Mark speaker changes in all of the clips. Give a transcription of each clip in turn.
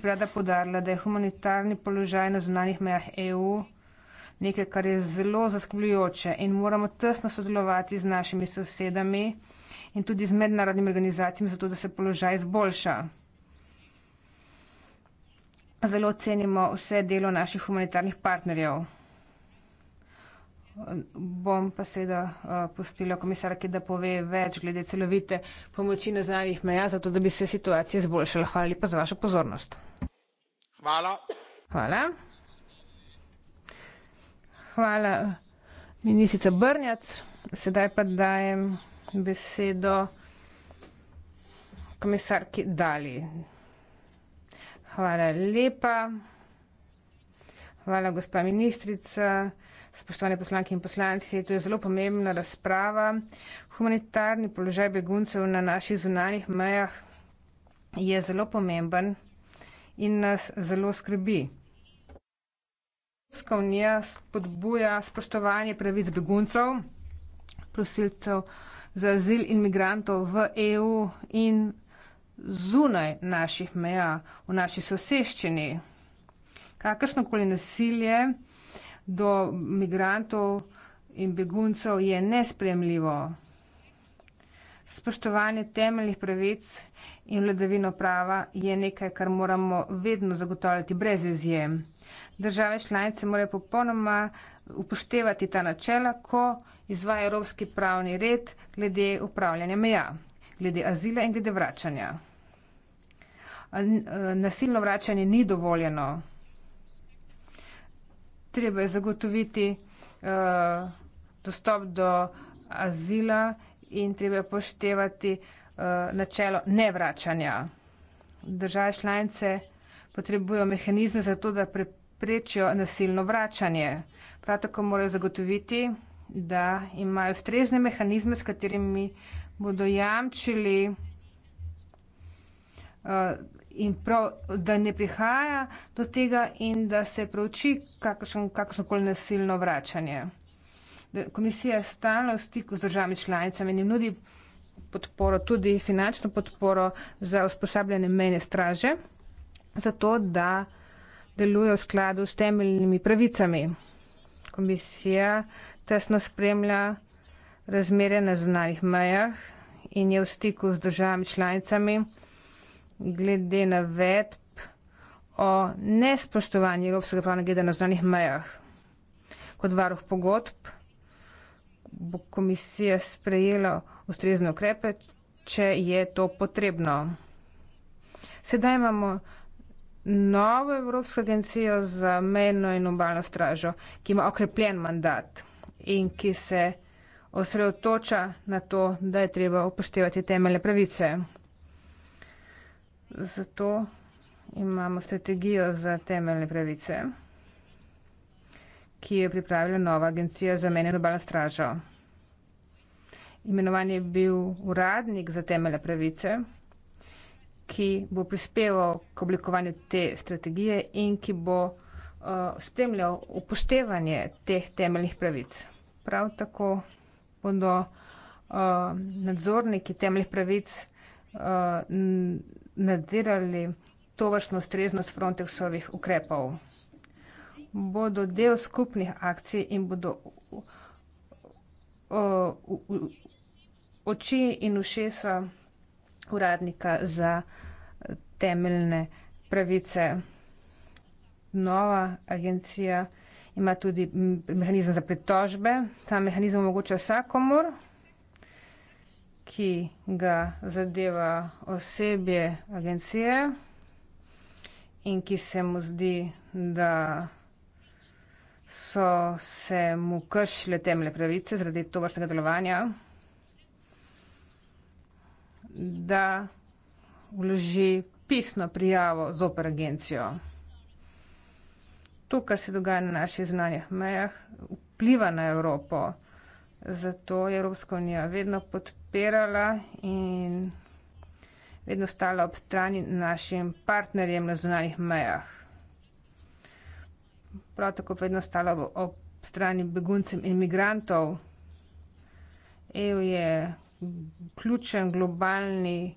Speaker 1: vlada podarila, da je humanitarni položaj na zunanjih mejah EU nekaj, kar je zelo zaskrbljujoče in moramo tesno sodelovati z našimi sosedami in tudi z mednarodnimi organizacijami, zato da se položaj izboljša. Zelo cenimo vse delo naših humanitarnih partnerjev. Bom pa seveda uh, eh, postila komisarki, da pove več glede celovite pomoči na zadnjih meja, zato da bi se situacija zboljšala. Hvala lepa za vašo pozornost. Hvala. Hvala. Hvala, ministrica Brnjac. Sedaj pa dajem besedo komisarki Dali. Hvala lepa. Hvala, gospa ministrica spoštovane poslanke in poslanci, to je zelo pomembna razprava. Humanitarni položaj beguncev na naših zunanjih mejah je zelo pomemben in nas zelo skrbi. Evropska unija spodbuja spoštovanje pravic beguncev, prosilcev za azil in migrantov v EU in zunaj naših meja, v naši soseščini. Kakršnokoli nasilje, do migrantov in beguncev je nespremljivo. Spoštovanje temeljnih pravic in vladavino prava je nekaj, kar moramo vedno zagotavljati brez izjem. Države članice morajo popolnoma upoštevati ta načela, ko izvaja evropski pravni red glede upravljanja meja, glede azila in glede vračanja. Eh, nasilno vračanje ni dovoljeno treba je zagotoviti uh, dostop do azila in treba je poštevati uh, eh, načelo nevračanja. Države članice potrebujejo mehanizme za to, da preprečijo nasilno vračanje. Prav tako morajo zagotoviti, da imajo strežne mehanizme, s katerimi bodo jamčili uh, in prav, da ne prihaja do tega in da se preuči kakšen, kakšnokoli nasilno vračanje. Komisija je stalno v stiku z državami članicami in jim nudi podporo, tudi finančno podporo za usposabljanje mejne straže, zato da deluje v skladu s temeljnimi pravicami. Komisija tesno spremlja razmere na znanih mejah in je v stiku z državami članicami glede na vedb o nespoštovanju evropskega pravnega reda na zonih mejah. Kot varuh pogodb bo komisija sprejela ustrezne ukrepe, če je to potrebno. Sedaj imamo novo Evropsko agencijo za mejno in obalno stražo, ki ima okrepljen mandat in ki se osredotoča na to, da je treba upoštevati temeljne pravice. Zato imamo strategijo za temeljne pravice, ki je pripravila nova agencija za menjeno obalno stražo. Imenovan je bil uradnik za temeljne pravice, ki bo prispeval k oblikovanju te strategije in ki bo uh, spremljal upoštevanje teh temeljnih pravic. Prav tako bodo uh, nadzorniki temeljnih pravic uh, nadzirali tovršno streznost Frontexovih ukrepov. Bodo del skupnih akcij in bodo oči in ušesa uradnika za temeljne pravice. Nova agencija ima tudi mehanizem za pritožbe. Ta mehanizem omogoča vsakomor ki ga zadeva osebje agencije in ki se mu zdi, da so se mu kršile temeljne pravice zaradi tovrstnega delovanja, da vloži pisno prijavo zoper agencijo. To, kar se dogaja na naših zunanjih mejah, vpliva na Evropo. Zato je Evropska unija vedno podprla podpirala in vedno stala ob strani našim partnerjem na zunanjih mejah. Prav tako vedno stala ob strani beguncem in migrantov. EU je ključen globalni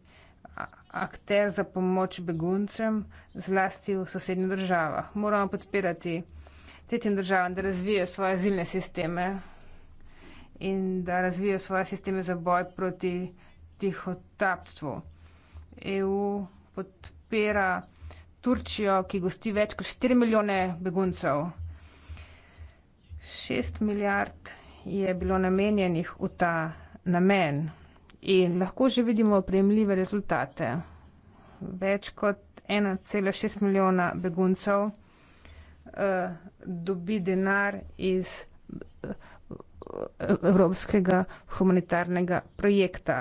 Speaker 1: akter za pomoč beguncem, zlasti v sosednjih državah. Moramo podpirati tretjim državam, da razvijajo svoje azilne sisteme in da razvija svoje sisteme za boj proti tihotapstvu. EU podpira Turčijo, ki gosti več kot 4 milijone beguncev. 6 milijard je bilo namenjenih v ta namen in lahko že vidimo prejemljive rezultate. Več kot 1,6 milijona beguncev uh, dobi denar iz. Uh, evropskega humanitarnega projekta.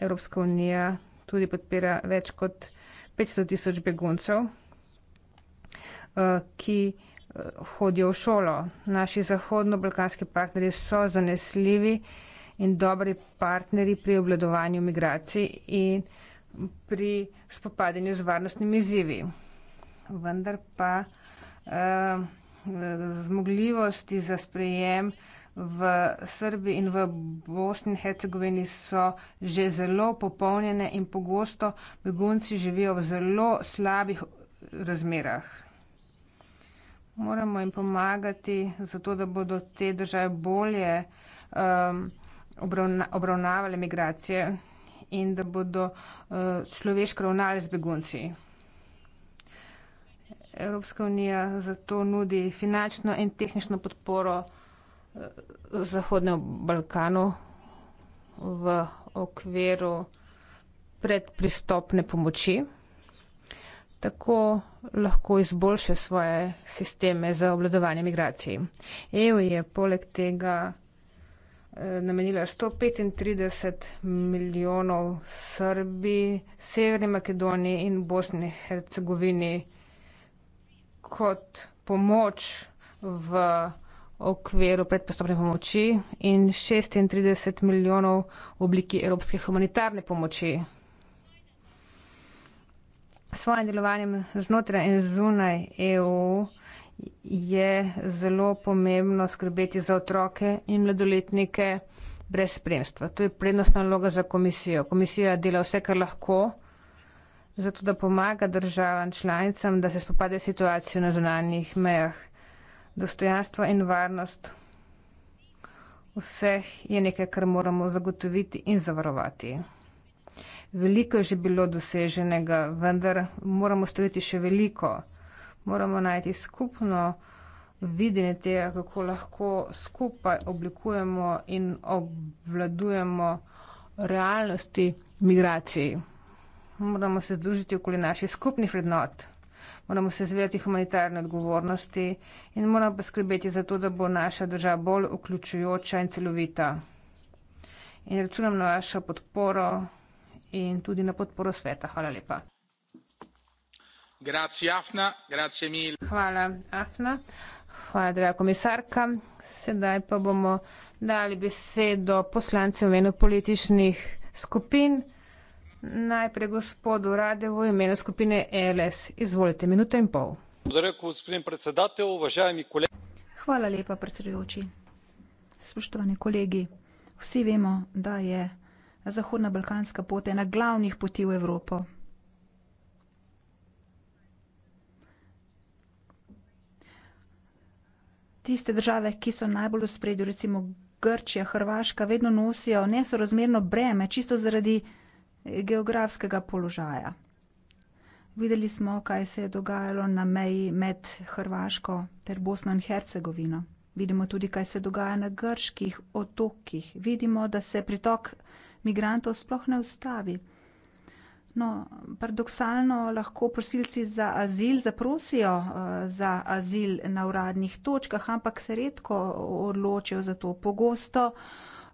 Speaker 1: Evropska unija tudi podpira več kot 500 tisoč beguncev, eh, ki eh, hodijo v šolo. Naši zahodno-balkanski partnerji so zanesljivi in dobri partnerji pri obladovanju migracij in pri spopadanju z varnostnimi izzivi. Vendar pa eh, zmogljivosti za sprejem eh, v Srbiji in v Bosni in Hercegovini so že zelo popolnjene in pogosto begunci živijo v zelo slabih razmerah. Moramo jim pomagati, zato da bodo te države bolje um, obravna obravnavale migracije in da bodo uh, človeško ravnali z begunci. Evropska unija zato nudi finančno in tehnično podporo Zahodnem Balkanu v okviru predpristopne pomoči. Tako lahko izboljša svoje sisteme za obladovanje migracij. EU je poleg tega eh, namenila 135 milijonov Srbiji, Severni Makedoniji in Bosni Hercegovini kot pomoč v okviru predpostavne pomoči in 36 milijonov v obliki evropske humanitarne pomoči. Svojim delovanjem znotraj in zunaj EU je zelo pomembno skrbeti za otroke in mladoletnike brez spremstva. To je prednostna naloga za komisijo. Komisija dela vse, kar lahko, zato da pomaga državam članicam, da se spopade situacijo na zunanjih mejah dostojanstvo in varnost vseh je nekaj, kar moramo zagotoviti in zavarovati. Veliko je že bilo doseženega, vendar moramo storiti še veliko. Moramo najti skupno videnje tega, kako lahko skupaj oblikujemo in obvladujemo realnosti migracij. Moramo se združiti okoli naših skupnih vrednot moramo se zavedati humanitarne odgovornosti in moramo poskrbeti za to, da bo naša država bolj vključujoča in celovita. In računam na vašo podporo in tudi na podporo sveta. Hvala lepa.
Speaker 2: Grazie, Afna.
Speaker 1: Grazie mille. Hvala, Afna. Hvala, draga komisarka. Sedaj pa bomo dali besedo poslancem v imenu političnih skupin najprej gospodu rade v imenu skupine els izvolite minuto
Speaker 3: in pol hvala lepa predsedujoči spoštovani kolegi vsi vemo da je zahodna balkanska pot ena glavnih poti v evropo tiste države ki so najbolj v ospredju recimo grčija hrvaška vedno nosijo nesorazmerno breme čisto zaradi geografskega položaja. Videli smo, kaj se je dogajalo na meji med Hrvaško ter Bosno in Hercegovino. Vidimo tudi, kaj se dogaja na grških otokih. Vidimo, da se pritok migrantov sploh ne ustavi. No, paradoksalno lahko prosilci za azil zaprosijo eh, za azil na uradnih točkah, ampak se redko odločijo za to. Pogosto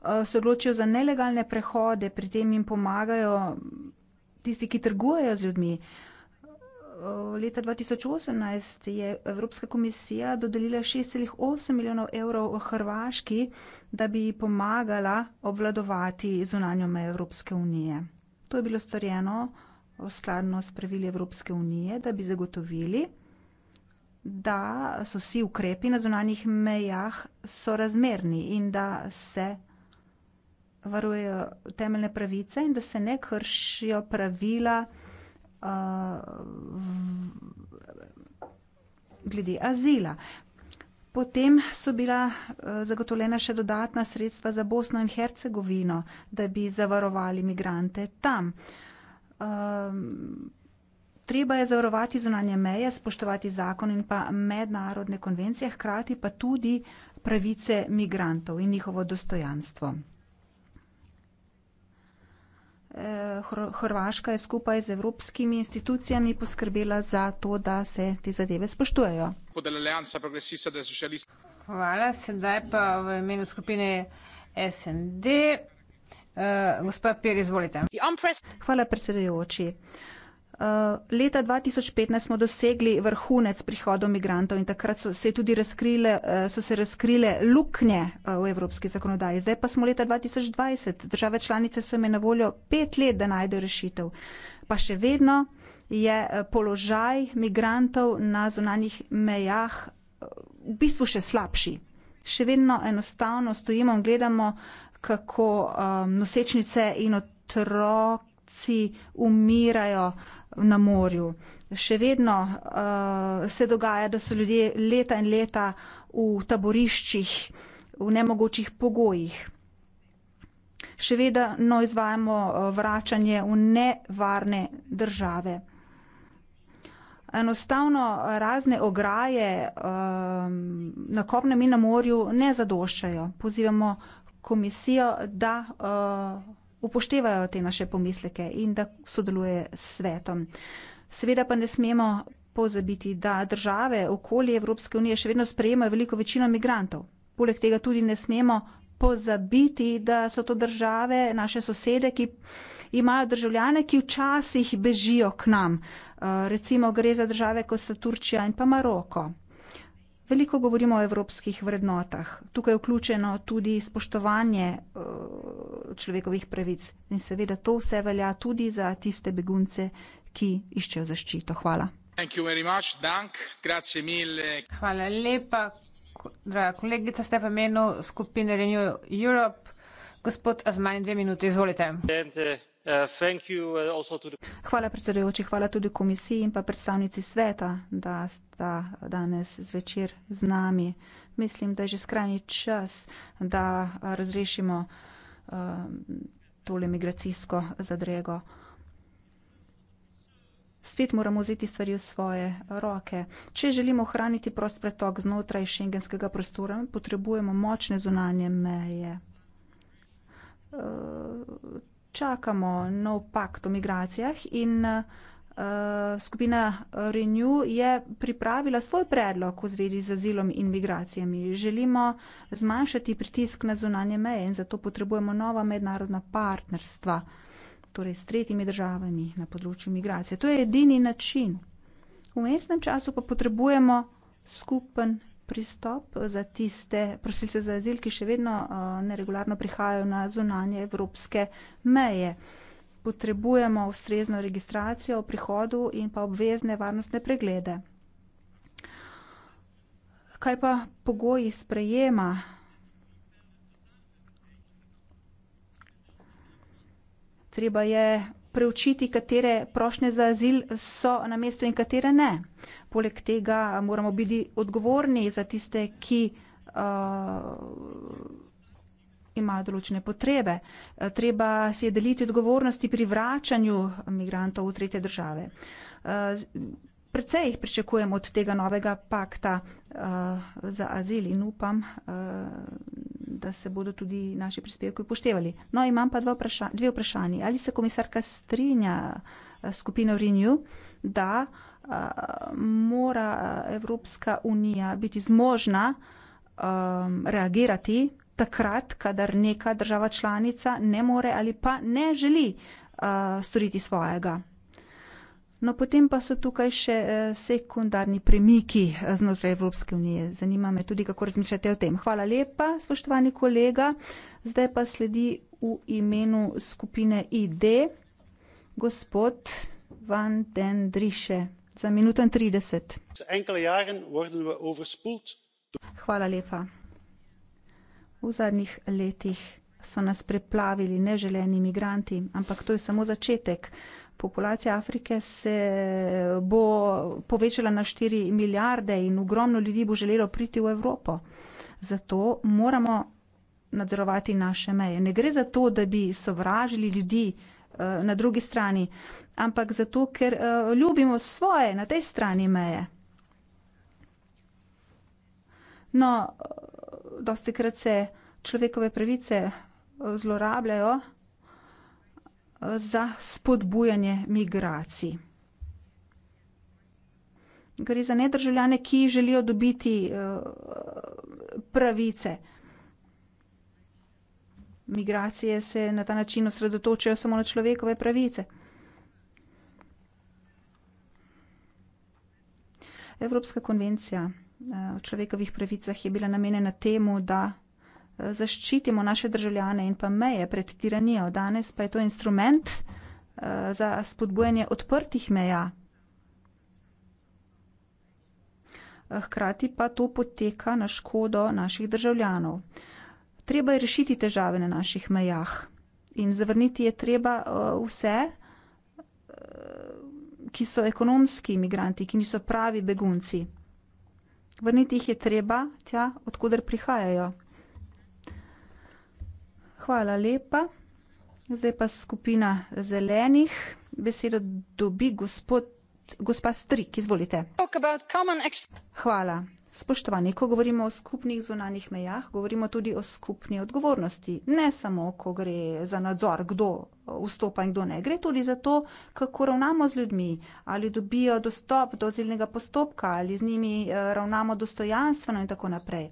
Speaker 3: Eh, se odločijo za nelegalne prehode, pri tem jim pomagajo tisti, ki trgujejo z ljudmi. Eh, leta 2018 je Evropska komisija dodelila 6,8 milijonov evrov Hrvaški, da bi pomagala obvladovati zunanjo mejo Evropske unije. To je bilo storjeno eh, skladno s pravili Evropske unije, da bi zagotovili, da so vsi ukrepi na zunanjih mejah sorazmerni in da se varujejo temeljne pravice in da se ne kršijo pravila uh, glede azila. Potem so bila uh, zagotovljena še dodatna sredstva za Bosno in Hercegovino, da bi zavarovali migrante tam. Um, treba je zavarovati zunanje meje, spoštovati zakon in pa mednarodne konvencije, hkrati pa tudi pravice migrantov in njihovo dostojanstvo. Eh, Hrvaška je skupaj z evropskimi institucijami poskrbela za to, da se te zadeve spoštujejo. Hvala, sedaj pa v imenu skupine SND. Uh, eh, gospa Pir, izvolite. Hvala, predsedujoči. Uh, Eh, leta 2015 smo dosegli vrhunec prihodov migrantov in takrat so se tudi razkrile, eh, so se razkrile luknje eh, v evropski zakonodaji. Zdaj pa smo leta 2020. Države članice so imeli na voljo pet let, da najdejo rešitev. Pa še vedno je položaj migrantov na zunanjih mejah v bistvu še slabši. Še vedno enostavno stojimo in gledamo, kako um, nosečnice in otroci umirajo uh, na morju. Še vedno uh, se dogaja, da so ljudje leta in leta v taboriščih, v nemogočih pogojih. Še vedno izvajamo eh, vračanje v nevarne države. Enostavno razne ograje uh, na kopnem in na morju ne zadoščajo. Pozivamo komisijo, da uh, upoštevajo te naše pomisleke in da sodeluje s svetom. Seveda pa ne smemo pozabiti, da države okoli Evropske unije še vedno sprejemajo veliko večino migrantov. Poleg tega tudi ne smemo pozabiti, da so to države, naše sosede, ki imajo državljane, ki včasih bežijo k nam. Uh, recimo gre za države, kot sta Turčija in pa Maroko. Veliko govorimo o evropskih vrednotah. Tukaj je vključeno tudi spoštovanje eh, človekovih pravic. In seveda to vse velja tudi za tiste begunce, ki iščejo zaščito. Hvala. Hvala lepa. Draga kolegica, ste v imenu skupine Renew Europe. Gospod Azman, dve minuti, izvolite.
Speaker 4: Uh, uh,
Speaker 3: hvala predsedujoči, hvala tudi komisiji in pa predstavnici sveta, da sta danes zvečer z nami. Mislim, da je že skrajni čas, da razrešimo um, tole migracijsko zadrego. Spet moramo vzeti stvari v svoje roke. Če želimo ohraniti prost pretok znotraj šengenskega prostora, potrebujemo močne zunanje meje. Uh, čakamo nov pakt o migracijah in uh, skupina Renew je pripravila svoj predlog v zvezi z azilom in migracijami. Želimo zmanjšati pritisk na zunanje meje in zato potrebujemo nova mednarodna partnerstva, torej s tretjimi državami na področju migracije. To je edini način. V mestnem času pa potrebujemo skupen pristop za tiste prosilce za azil, ki še vedno eh, neregularno prihajajo na zunanje evropske meje. Potrebujemo ustrezno registracijo o prihodu in pa obvezne varnostne preglede. Kaj pa pogoji sprejema? Treba je preučiti, katere prošnje za azil so na mestu in katere ne poleg tega moramo biti odgovorni za tiste, ki uh, imajo določene potrebe. Uh, treba si je deliti odgovornosti pri vračanju migrantov v tretje države. Uh, Predvsej jih pričakujem od tega novega pakta uh, za azil in upam, uh, da se bodo tudi naši prispevki upoštevali. No, imam pa dve, vpraša dve vprašanji. Ali se komisarka strinja uh, skupino Renew, da uh, mora Evropska unija biti zmožna um, reagirati takrat, kadar neka država članica ne more ali pa ne želi uh, storiti svojega. No, potem pa so tukaj še uh, sekundarni premiki uh, znotraj Evropske unije. Zanima me tudi, kako razmišljate o tem. Hvala lepa, spoštovani kolega. Zdaj pa sledi v imenu skupine ID gospod Van den Driše. Hvala lepa. V zadnjih letih so nas preplavili neželeni migranti, ampak to je samo začetek. Populacija Afrike se bo povečala na štiri milijarde in ogromno ljudi bo želelo priti v Evropo. Zato moramo nadzorovati naše meje. Ne gre za to, da bi sovražili ljudi, Eh, na drugi strani, ampak zato, ker uh, ljubimo svoje na tej strani meje. No, eh, dosti krat se človekove pravice zlorabljajo za spodbujanje migracij. Gre za nedržavljane, ki želijo dobiti uh, pravice migracije se na ta način osredotočajo samo na človekove pravice. Evropska konvencija eh, o človekovih pravicah je bila namenjena temu, da eh, zaščitimo naše državljane in pa meje pred tiranijo. Danes pa je to instrument eh, za spodbujanje odprtih meja. Hkrati pa to poteka na škodo naših državljanov treba je rešiti težave na naših mejah in zavrniti je treba uh, vse, uh, ki so ekonomski imigranti, ki niso pravi begunci. Vrniti jih je treba tja, odkuder prihajajo. Hvala lepa. Zdaj pa skupina zelenih. Besedo dobi gospod, gospa Strik, izvolite. Hvala. Spoštovani, ko govorimo o skupnih zunanjih mejah, govorimo tudi o skupni odgovornosti. Ne samo, ko gre za nadzor, kdo vstopa in kdo ne. Gre tudi za to, kako ravnamo z ljudmi, ali dobijo dostop do azilnega postopka, ali z njimi eh, ravnamo dostojanstveno in tako naprej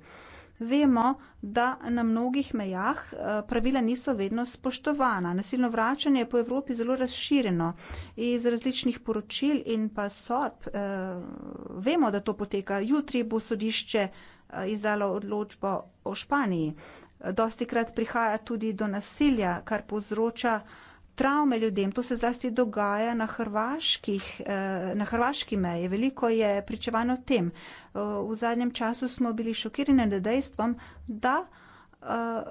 Speaker 3: vemo, da na mnogih mejah eh, pravila niso vedno spoštovana. Nasilno vračanje je po Evropi zelo razširjeno iz različnih poročil in pa sodb. Eh, vemo, da to poteka. Jutri bo sodišče eh, izdalo odločbo o Španiji. Dostikrat prihaja tudi do nasilja, kar povzroča travme ljudem. To se zlasti dogaja na, eh, na hrvaški meji. Veliko je pričevanj o tem. Eh, v zadnjem času smo bili šokirani nad dejstvom, da eh,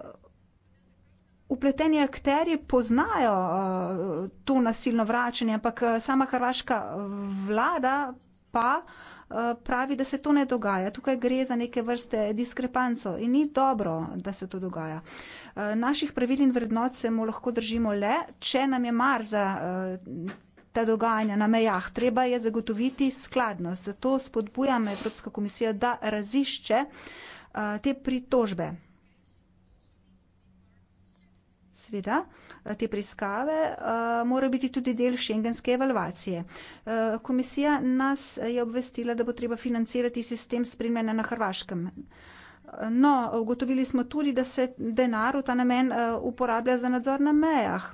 Speaker 3: upleteni akteri poznajo eh, to nasilno vračanje, ampak eh, sama hrvaška vlada pa. Eh, pravi, da se to ne dogaja. Tukaj gre za neke vrste diskrepanco in ni dobro, da se to dogaja. Eh, naših pravil in vrednot se mu lahko držimo le, če nam je mar za eh, ta dogajanja na mejah. Treba je zagotoviti skladnost. Zato spodbujam Evropska komisija, da razišče eh, te pritožbe seveda, te preiskave eh, morajo biti tudi del šengenske evalvacije. Eh, komisija nas je obvestila, da bo treba financirati sistem spremljanja na Hrvaškem. No, ugotovili smo tudi, da se denar v ta namen eh, uporablja za nadzor na mejah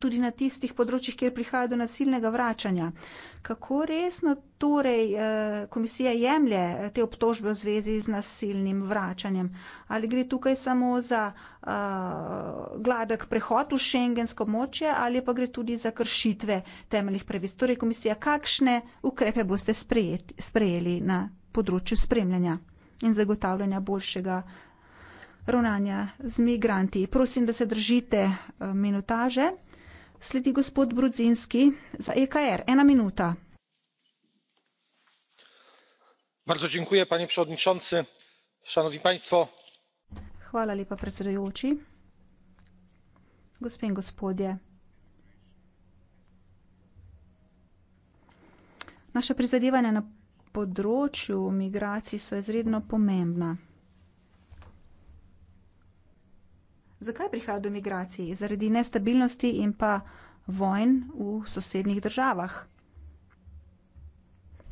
Speaker 3: tudi na tistih področjih, kjer prihaja do nasilnega vračanja. Kako resno torej eh, komisija jemlje eh, te obtožbe v zvezi z nasilnim vračanjem? Ali gre tukaj samo za uh, gladek prehod v šengensko moče ali pa gre tudi za kršitve temeljih previst? Torej komisija, kakšne ukrepe boste sprejeti, sprejeli na področju spremljanja in zagotavljanja boljšega ravnanja z migranti? Prosim, da se držite minutaže. Sledi gospod Brudzinski za EKR. Ena minuta.
Speaker 2: Bardzo dziękuję, panie przewodniczący. Szanowni państwo.
Speaker 3: Hvala lepa, predsedujoči. Gospe in gospodje. Naša prizadevanja na področju migracij so izredno pomembna. Zakaj prihaja do migracij? Zaradi nestabilnosti in pa vojn v sosednjih državah.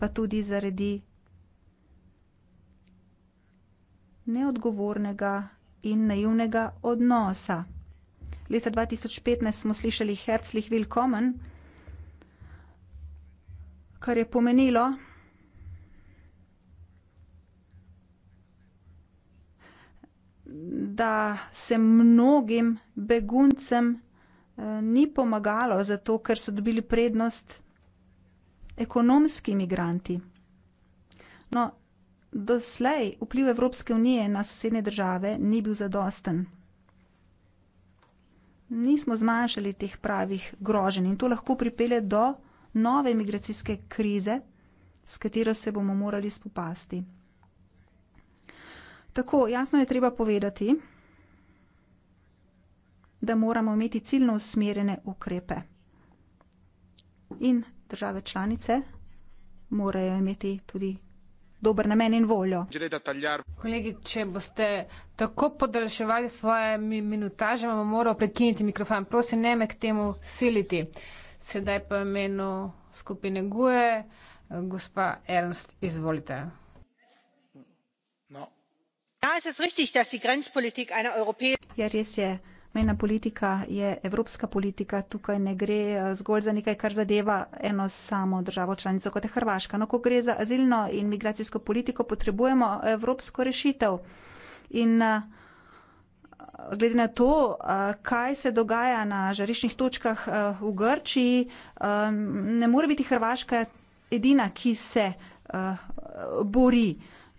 Speaker 3: Pa tudi zaradi neodgovornega in naivnega odnosa. Leta 2015 smo slišali Herzlich Willkommen, kar je pomenilo, da se mnogim beguncem eh, ni pomagalo, zato ker so dobili prednost ekonomski imigranti. No, doslej vpliv Evropske unije na sosednje države ni bil zadosten. Nismo zmanjšali teh pravih groženj in to lahko pripelje do nove imigracijske krize, s katero se bomo morali spopasti. Tako, jasno je treba povedati, da moramo imeti ciljno usmerjene ukrepe. In države članice morajo imeti tudi dober namen in voljo. Kolegi, če boste tako
Speaker 1: podaljševali svoje minutaže, vam moram prekiniti mikrofon. Prosim, ne me k temu siliti. Sedaj pa imeno skupine GUE, gospa Ernst,
Speaker 3: izvolite. Ja, ja, res je. Mejna politika je evropska politika. Tukaj ne gre eh, zgolj za nekaj, kar zadeva eno samo državo članico, kot je Hrvaška. No, ko gre za azilno in migracijsko politiko, potrebujemo eh, evropsko rešitev. In eh, glede na to, kaj se dogaja na žariščnih točkah v Grčiji, ne more biti Hrvaška edina, ki se bori.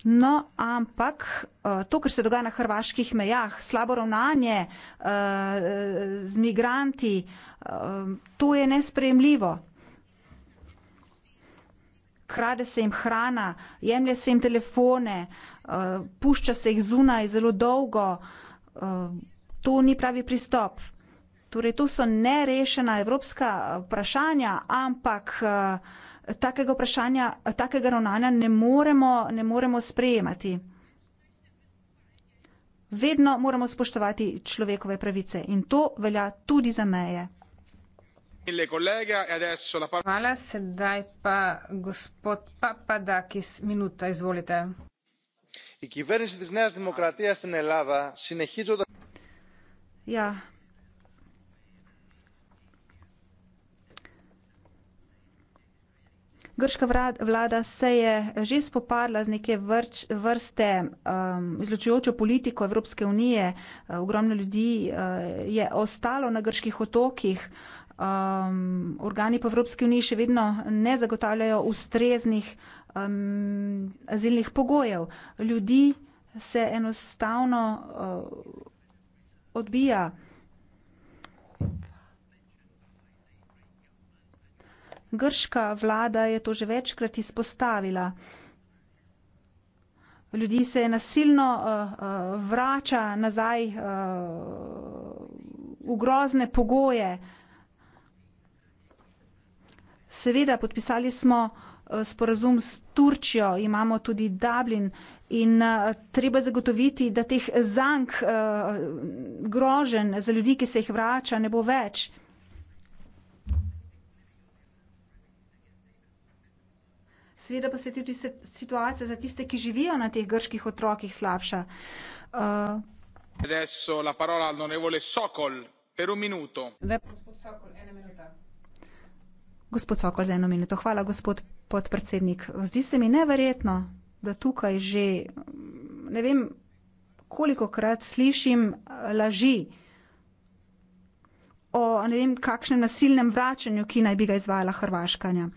Speaker 3: No, ampak eh, to, kar se dogaja na hrvaških mejah, slabo ravnanje eh, z migranti, eh, to je nespremljivo. Krade se jim hrana, jemlje se jim telefone, pušča se jih zunaj zelo dolgo. To ni pravi pristop. Torej, to so nerešena evropska vprašanja, ampak uh, takega vprašanja, takega ravnanja ne moremo, ne moremo sprejemati. Vedno moramo spoštovati človekove pravice in to velja tudi za meje.
Speaker 2: E
Speaker 1: Hvala,
Speaker 3: sedaj pa gospod Papadakis,
Speaker 1: minuta, izvolite.
Speaker 3: Ja, Grška vlada se je že spopadla z neke vrč, vrste um, izločujočo politiko Evropske unije. Uh, ogromno ljudi uh, je ostalo na grških otokih. Um, organi po Evropski uniji še vedno ne zagotavljajo ustreznih um, azilnih pogojev. Ljudi se enostavno uh, odbija. Grška vlada je to že večkrat izpostavila. Ljudi se je nasilno uh, uh, vrača nazaj uh, v grozne pogoje. Seveda, podpisali smo uh, sporazum s Turčijo, imamo tudi Dublin in uh, treba zagotoviti, da teh zank uh, grožen za ljudi, ki se jih vrača, ne bo več. Sveda pa se tudi situacija za tiste, ki živijo na teh grških otrokih, slabša. Uh, gospod Sokol, za eno minuto. Hvala, gospod podpredsednik. Zdi se mi neverjetno, da tukaj že ne vem, koliko krat slišim eh, laži o ne vem, kakšnem nasilnem vračanju, ki naj bi ga izvajala Hrvaškanja.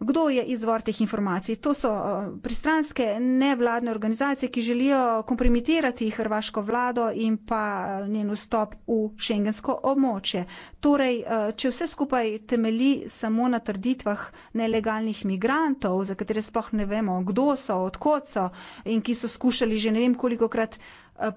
Speaker 3: Kdo je izvor teh informacij? To so eh, pristranske nevladne organizacije, ki želijo kompromitirati hrvaško vlado in pa eh, njen vstop v šengensko območje. Torej, eh, če vse skupaj temelji samo na trditvah nelegalnih migrantov, za katere sploh ne vemo, kdo so, odkot so in ki so skušali že ne vem koliko krat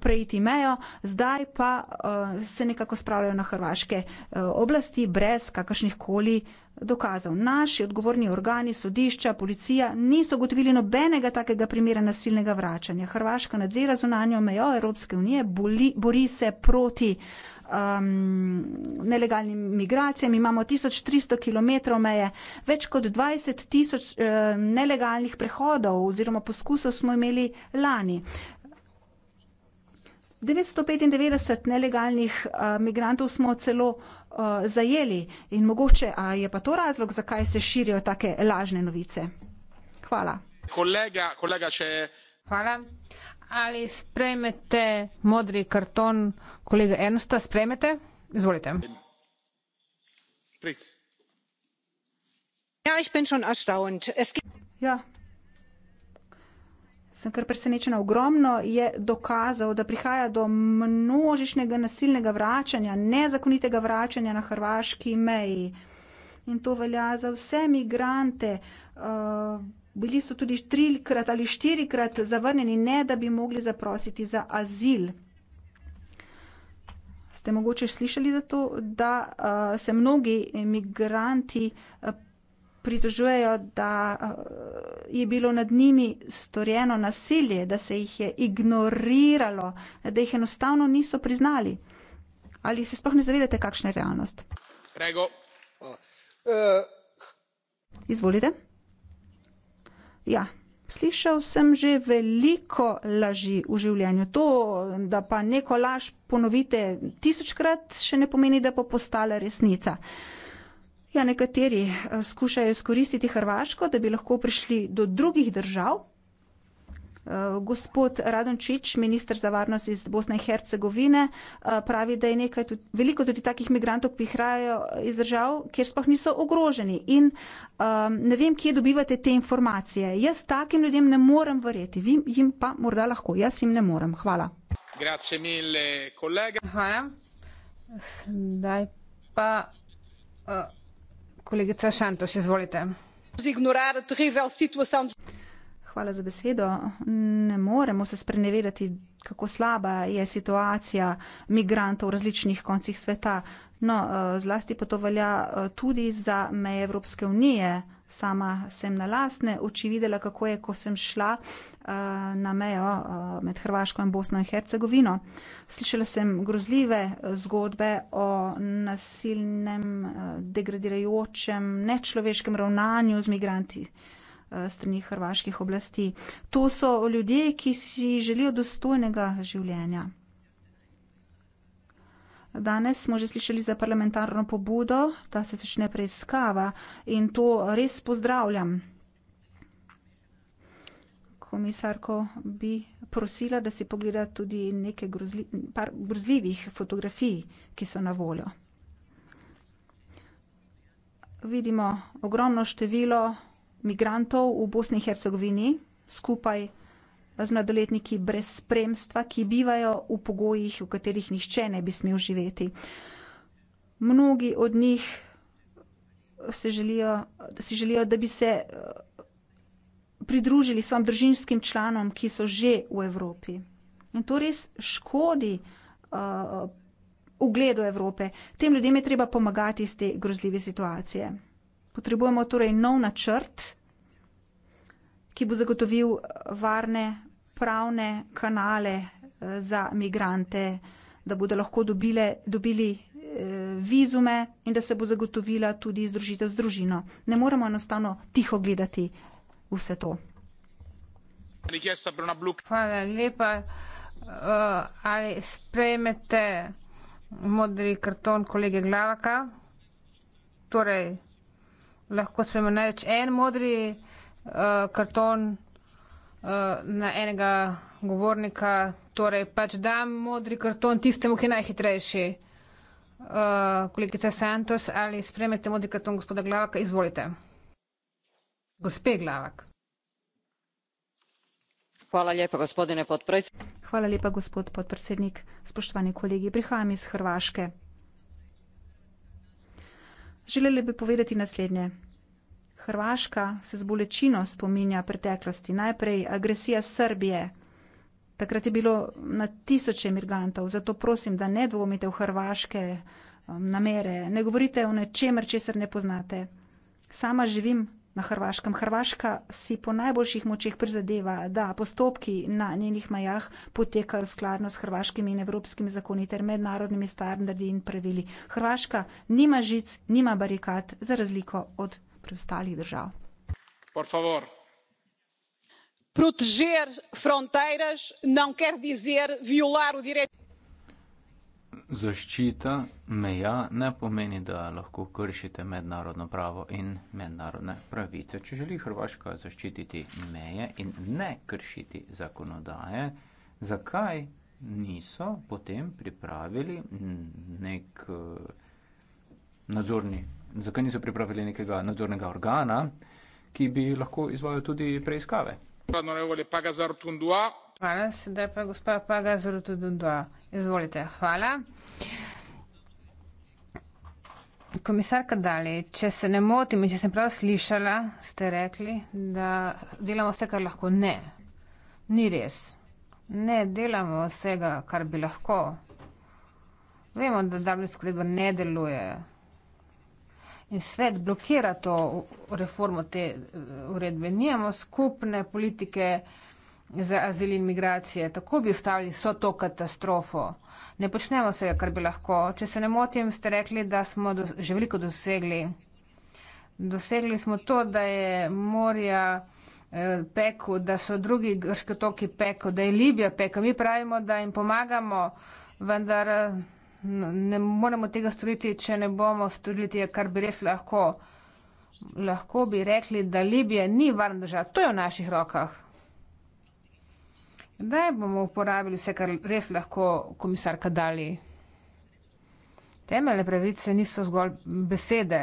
Speaker 3: prejiti mejo, zdaj pa eh, se nekako spravljajo na hrvaške eh, oblasti brez kakršnih koli dokazov. Naši odgovorni organi, sodišča, policija niso gotovili nobenega takega primera nasilnega vračanja. Hrvaška nadzira zunanjo mejo Evropske unije, boli, bori se proti um, nelegalnim migracijam, imamo 1300 km meje, več kot 20 tisoč uh, nelegalnih prehodov oziroma poskusov smo imeli lani. 995 nelegalnih a, migrantov smo celo a, zajeli in mogoče, a je pa to razlog, zakaj se širijo take lažne novice? Hvala.
Speaker 2: Kolega, kolega, če...
Speaker 1: Hvala. Ali sprejmete modri karton kolega Ernsta? Sprejmete? Izvolite.
Speaker 3: Ja, ich bin schon erstaunt. Es gibt... Ja, sem kar presenečena, ogromno je dokazal, da prihaja do množičnega nasilnega vračanja, nezakonitega vračanja na hrvaški meji. In to velja za vse migrante. Uh, bili so tudi trikrat ali štirikrat zavrnjeni, ne da bi mogli zaprositi za azil. Ste mogoče slišali za to, da uh, se mnogi migranti uh, pritožujejo, da eh, je bilo nad njimi storjeno nasilje, da se jih je ignoriralo, da jih enostavno niso priznali. Ali se sploh ne zavedate, kakšna je realnost?
Speaker 2: Rego. Eh,
Speaker 3: Izvolite. Ja, slišal sem že veliko laži v življenju. To, da pa neko laž ponovite tisočkrat, še ne pomeni, da bo postala resnica. Uh, Ja, nekateri eh, skušajo izkoristiti Hrvaško, da bi lahko prišli do drugih držav. Eh, gospod Radončič, minister za varnost iz Bosne in Hercegovine, eh, pravi, da je nekaj, tudi, veliko tudi takih migrantov prihrajajo iz držav, kjer sploh niso ogroženi. In um, ne vem, kje dobivate te informacije. Jaz takim ljudem ne morem verjeti, vi jim pa morda lahko, jaz jim ne morem. Hvala.
Speaker 2: Mille, Hvala.
Speaker 3: Zdaj pa. Uh kolegica šantos izvolite. Hvala za besedo. Ne moremo se sprenevedati, kako slaba je situacija migrantov v različnih koncih sveta. No, eh, zlasti pa to velja eh, tudi za meje Evropske unije. Sama sem na lastne oči videla, kako je, ko sem šla eh, na mejo med Hrvaško in Bosno in Hercegovino. Slišala sem grozljive zgodbe o nasilnem, degradirajočem, nečloveškem ravnanju z migranti. Eh, strani hrvaških oblasti. To so ljudje, ki si želijo dostojnega življenja. Danes smo že slišali za parlamentarno pobudo, da se začne preiskava in to res pozdravljam. Komisarko bi prosila, da si pogleda tudi nekaj grozli, par grozljivih fotografij, ki so na voljo. Vidimo ogromno število migrantov v Bosni in Hercegovini skupaj z mladoletniki brez spremstva, ki bivajo v pogojih, v katerih nihče ne bi smel živeti. Mnogi od njih eh, se želijo, si želijo, da bi se eh, pridružili svojim družinskim članom, ki so že v Evropi. In to res škodi eh, ugledu uh, Evrope. Tem ljudem je treba pomagati iz te grozljive situacije. Potrebujemo torej nov načrt, ki bo zagotovil varne pravne kanale eh, za migrante, da bodo lahko dobile, dobili eh, vizume in da se bo zagotovila tudi združitev z družino. Ne moremo enostavno tiho gledati vse to.
Speaker 1: Hvala lepa. Uh, ali sprejmete modri karton kolege Glavaka? Torej, lahko sprejme največ en modri uh, karton uh, na enega govornika. Torej, pač dam modri karton tistemu, ki je najhitrejši. Uh, kolegica Santos, ali sprejmete modri karton gospoda Glavaka? Izvolite. Gospe Glavak. Hvala lepa, gospodine podpredsednik.
Speaker 3: Hvala lepa, gospod podpredsednik. Spoštovani kolegi, prihajam iz Hrvaške. Želeli bi povedati naslednje. Hrvaška se z bolečino spominja preteklosti. Najprej agresija Srbije. Takrat je bilo na tisoče migrantov, zato prosim, da ne dvomite v hrvaške um, namere. Ne govorite o nečemer, česar ne poznate. Sama živim na Hrvaškem. Hrvaška si po najboljših močeh prizadeva, da postopki na njenih mejah potekajo skladno s hrvaškimi in evropskimi zakoni ter mednarodnimi standardi in pravili. Hrvaška nima žic, nima barikat, za razliko od preostalih držav.
Speaker 5: Por favor. Proteger frontejraž ne quer dizer violar o direito.
Speaker 4: Zaščita meja ne pomeni, da lahko kršite mednarodno pravo in mednarodne pravice. Če želi Hrvaška zaščititi meje in ne kršiti zakonodaje, zakaj niso potem pripravili nek eh, nadzorni, zakaj niso pripravili nekega nadzornega organa, ki bi lahko izvajal tudi preiskave?
Speaker 2: Hvala,
Speaker 1: sedaj pa gospa Paga Zarutundua. Izvolite, hvala. Komisarka Dali, če se ne motim in če sem prav slišala, ste rekli, da delamo vse, kar lahko. Ne, ni res. Ne delamo vsega, kar bi lahko. Vemo, da Dablinsko redbo ne deluje. In svet blokira to reformo te eh, uredbe. Nijemo skupne politike za azil in migracije. Tako bi ustavili vso to katastrofo. Ne počnemo vse, kar bi lahko. Če se ne motim, ste rekli, da smo do, že veliko dosegli. Dosegli smo to, da je morja eh, peko, da so drugi grški otoki peko, da je Libija peko. Mi pravimo, da jim pomagamo, vendar eh, ne moremo tega storiti, če ne bomo storili tega, kar bi res lahko. Lahko bi rekli, da Libija ni varna država. To je v naših rokah. Zdaj bomo uporabili vse, kar res lahko komisarka dali. Temeljne pravice niso zgolj besede.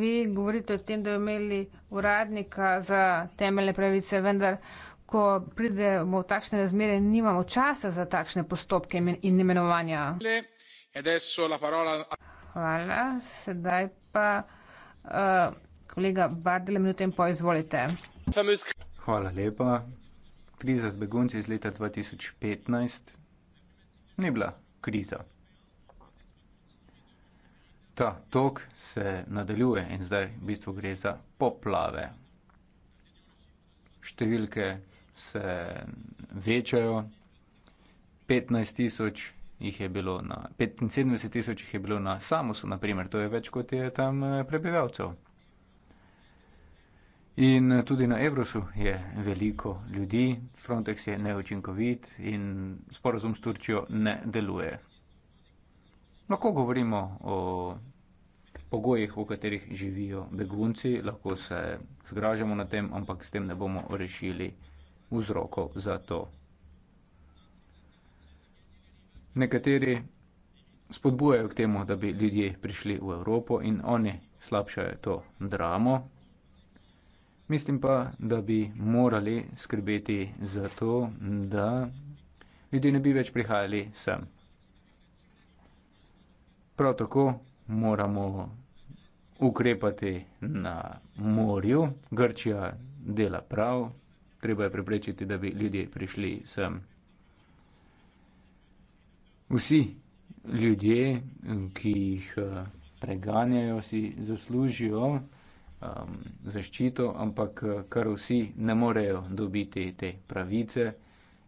Speaker 1: Vi govorite o tem, da bi imeli uradnika za temeljne pravice, vendar, ko pridemo v takšne razmere, nimamo časa za takšne postopke in imenovanja. Hvala, sedaj pa uh, kolega Bardele, minuto in pol izvolite.
Speaker 4: Hvala lepa. Kriza z begunci iz leta 2015 ni bila kriza. Ta tok se nadaljuje in zdaj v bistvu gre za poplave. Številke se večajo. 15 tisoč jih je bilo na, 75 tisoč jih je bilo na Samosu, naprimer, to je več kot je tam eh, prebivalcev. In tudi na Evrosu je veliko ljudi, Frontex je neučinkovit in sporazum s Turčijo ne deluje. Lahko govorimo o pogojih, v katerih živijo begunci, lahko se zgražamo na tem, ampak s tem ne bomo rešili vzrokov za to. Nekateri spodbujajo k temu, da bi ljudje prišli v Evropo in oni slabšajo to dramo, Mislim pa, da bi morali skrbeti za to, da ljudje ne bi več prihajali sem. Prav tako moramo ukrepati na morju. Grčija dela prav, treba je preprečiti, da bi ljudje prišli sem. Vsi ljudje, ki jih eh, preganjajo, si zaslužijo um, zaščito, ampak eh, kar vsi ne morejo dobiti te pravice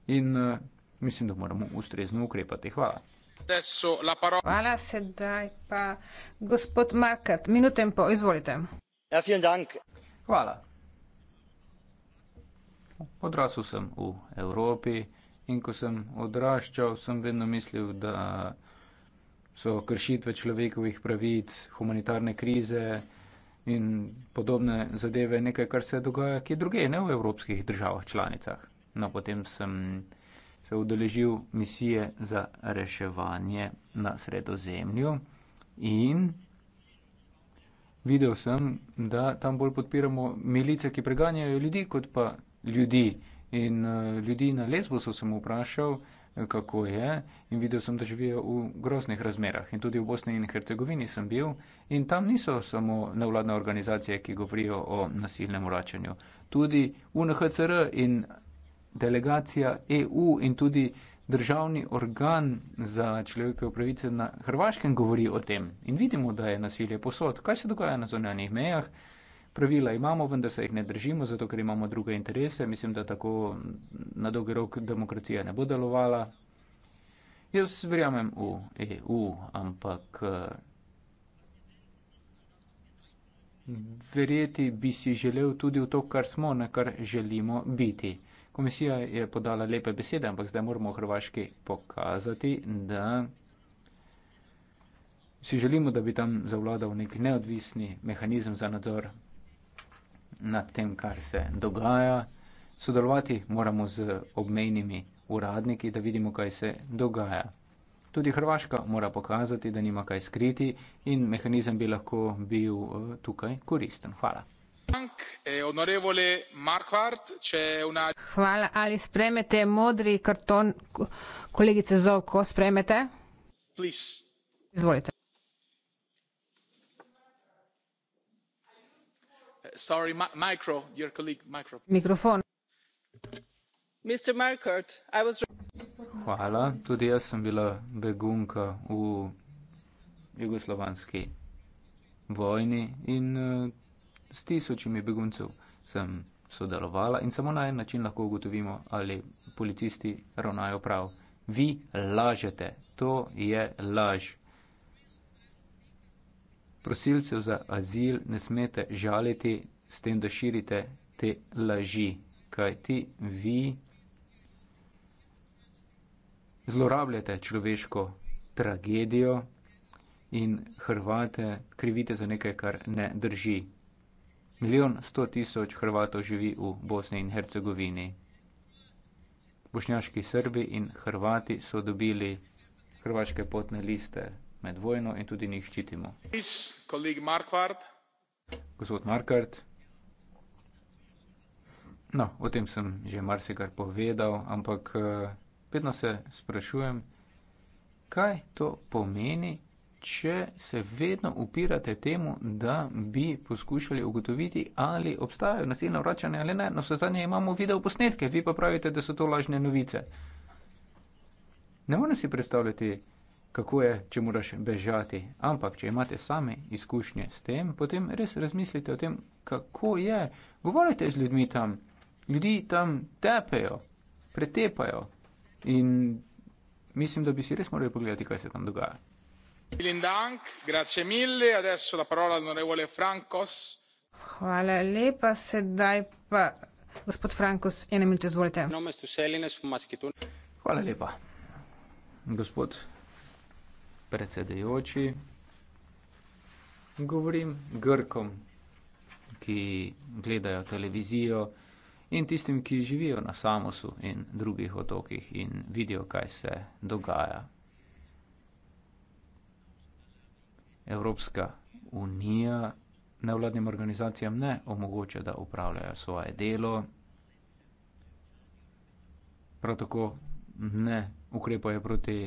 Speaker 4: in uh, mislim, da moramo ustrezno ukrepati. Hvala.
Speaker 1: Hvala sedaj pa gospod Markert, minuto in pol, izvolite. Ja, Hvala.
Speaker 4: Odrasel sem v Evropi in ko sem odraščal, sem vedno mislil, da so kršitve človekovih pravic, humanitarne krize, in podobne zadeve, nekaj, kar se dogaja, ki je druge, ne v evropskih državah članicah. No, potem sem se udeležil misije za reševanje na sredozemlju in videl sem, da tam bolj podpiramo milice, ki preganjajo ljudi, kot pa ljudi. In uh, ljudi na lesbo so sem vprašal, kako je, in videl sem, da živijo v groznih razmerah. In tudi v Bosni in Hercegovini sem bil, in tam niso samo nevladne organizacije, ki govorijo o nasilnem vračanju. Tudi UNHCR in delegacija EU in tudi državni organ za človekove pravice na Hrvaškem govori o tem. In vidimo, da je nasilje posod. Kaj se dogaja na zonanjih mejah? pravila imamo, vendar se jih ne držimo, zato ker imamo druge interese. Mislim, da tako na dolgi rok demokracija ne bo delovala. Jaz verjamem v EU, ampak eh, verjeti bi si želel tudi v to, kar smo, na kar želimo biti. Komisija je podala lepe besede, ampak zdaj moramo v Hrvaški pokazati, da si želimo, da bi tam zavladal nek neodvisni mehanizem za nadzor nad tem, kar se dogaja. Sodelovati moramo z obmejnimi uradniki, da vidimo, kaj se dogaja. Tudi Hrvaška mora pokazati, da nima kaj skriti in mehanizem bi lahko bil eh, tukaj koristen. Hvala.
Speaker 2: Eh,
Speaker 1: Hvala, ali spremete modri karton kolegice Zovko, spremete? Izvolite.
Speaker 4: Hvala. Tudi jaz sem bila begunka v jugoslovanski vojni in, eh, s tisočimi beguncev sem sodelovala in samo na en način lahko ugotovimo, ali policisti ravnajo prav. Vi lažete. To je laž prosilcev za azil ne smete žaliti s tem, da širite te laži, kaj ti vi zlorabljate človeško tragedijo in Hrvate krivite za nekaj, kar ne drži. Milijon sto tisoč Hrvatov živi v Bosni in Hercegovini. Bošnjaški Srbi in Hrvati so dobili hrvaške potne liste med vojno in tudi njih ščitimo. Gospod Markart. No, o tem sem že marsikar povedal, ampak eh, vedno se sprašujem, kaj to pomeni, če se vedno upirate temu, da bi poskušali ugotoviti, ali obstajajo nasilna vračanja ali ne. No, vse zadnje imamo video posnetke, vi pa pravite, da so to lažne novice. Ne morem si predstavljati, kako je, če moraš bežati. Ampak, če imate sami izkušnje s tem, potem res razmislite o tem, kako je. Govorite z ljudmi tam, ljudi tam tepejo, pretepajo in mislim, da bi si res morali pogledati, kaj se tam dogaja.
Speaker 1: Hvala lepa, sedaj pa gospod Frankos, eno minuto izvolite. Hvala
Speaker 4: lepa, gospod predsedujoči. Govorim Grkom, ki gledajo televizijo in tistim, ki živijo na Samosu in drugih otokih in vidijo, kaj se dogaja. Evropska unija nevladnim organizacijam ne omogoča, da upravljajo svoje delo, prav tako ne ukrepajo proti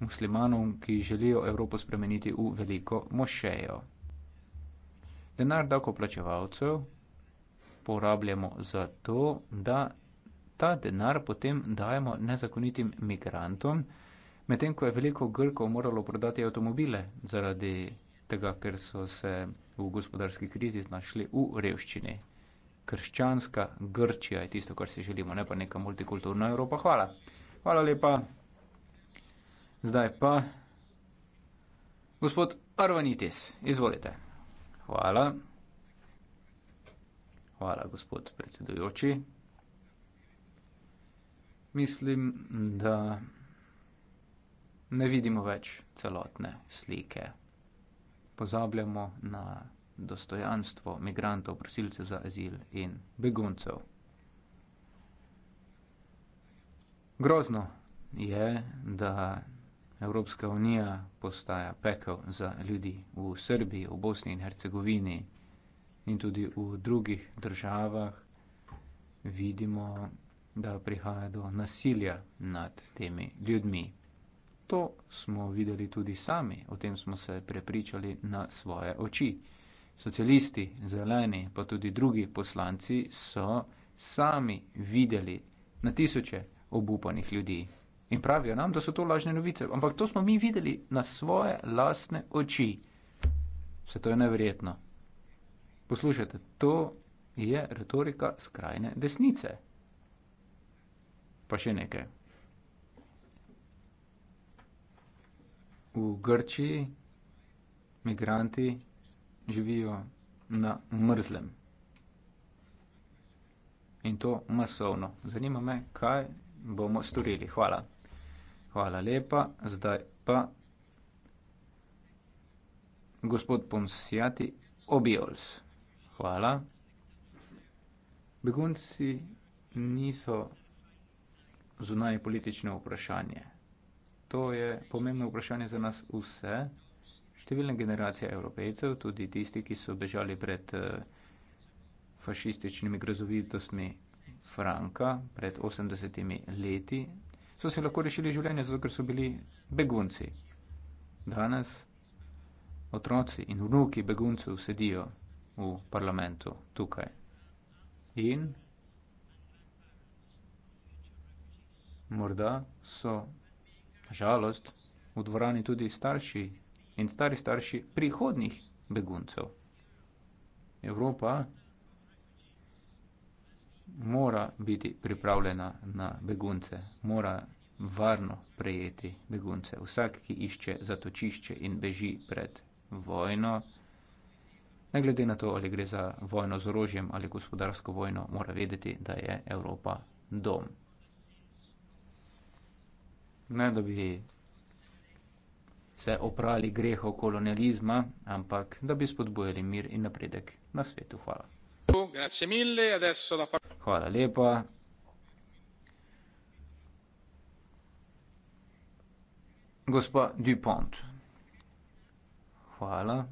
Speaker 4: muslimanom, ki želijo Evropo spremeniti v veliko mošejo. Denar davkoplačevalcev porabljamo zato, da ta denar potem dajemo nezakonitim migrantom, medtem ko je veliko Grkov moralo prodati avtomobile zaradi tega, ker so se v gospodarski krizi znašli v revščini. Krščanska Grčija je tisto, kar si želimo, ne pa neka multikulturna Evropa. Hvala. Hvala lepa. Zdaj pa gospod Arvanitis, izvolite. Hvala. Hvala, gospod predsedujoči. Mislim, da ne vidimo več celotne slike. Pozabljamo na dostojanstvo migrantov, prosilcev za azil in beguncev. Grozno je, da Evropska unija postaja pekel za ljudi v Srbiji, v Bosni in Hercegovini in tudi v drugih državah. Vidimo, da prihaja do nasilja nad temi ljudmi. To smo videli tudi sami, o tem smo se prepričali na svoje oči. Socialisti, zeleni, pa tudi drugi poslanci so sami videli na tisoče obupanih ljudi in pravijo nam, da so to lažne novice. Ampak to smo mi videli na svoje lastne oči. Vse to je neverjetno. Poslušajte, to je retorika skrajne desnice. Pa še nekaj. V Grčiji migranti živijo na mrzlem. In to masovno. Zanima me, kaj bomo storili. Hvala. Hvala lepa. Zdaj pa gospod Ponsijati Obiols. Hvala. Begunci niso zunanje politično vprašanje. To je pomembno vprašanje za nas vse, številne generacije evropejcev, tudi tisti, ki so bežali pred eh, fašističnimi grozovitostmi Franka pred 80 leti, so se lahko rešili življenje, zato ker so bili begunci. Danes otroci in vnuki beguncev sedijo v parlamentu tukaj. In morda so žalost v dvorani tudi starši in stari starši prihodnih beguncev. Evropa mora biti pripravljena na begunce, mora varno prejeti begunce. Vsak, ki išče zatočišče in beži pred vojno, ne glede na to, ali gre za vojno z orožjem ali gospodarsko vojno, mora vedeti, da je Evropa dom. Ne da bi se oprali grehov kolonializma, ampak da bi spodbojali mir in napredek na svetu. Hvala
Speaker 2: grazie mille adesso la
Speaker 4: hvala lepa gospa Dupont hvala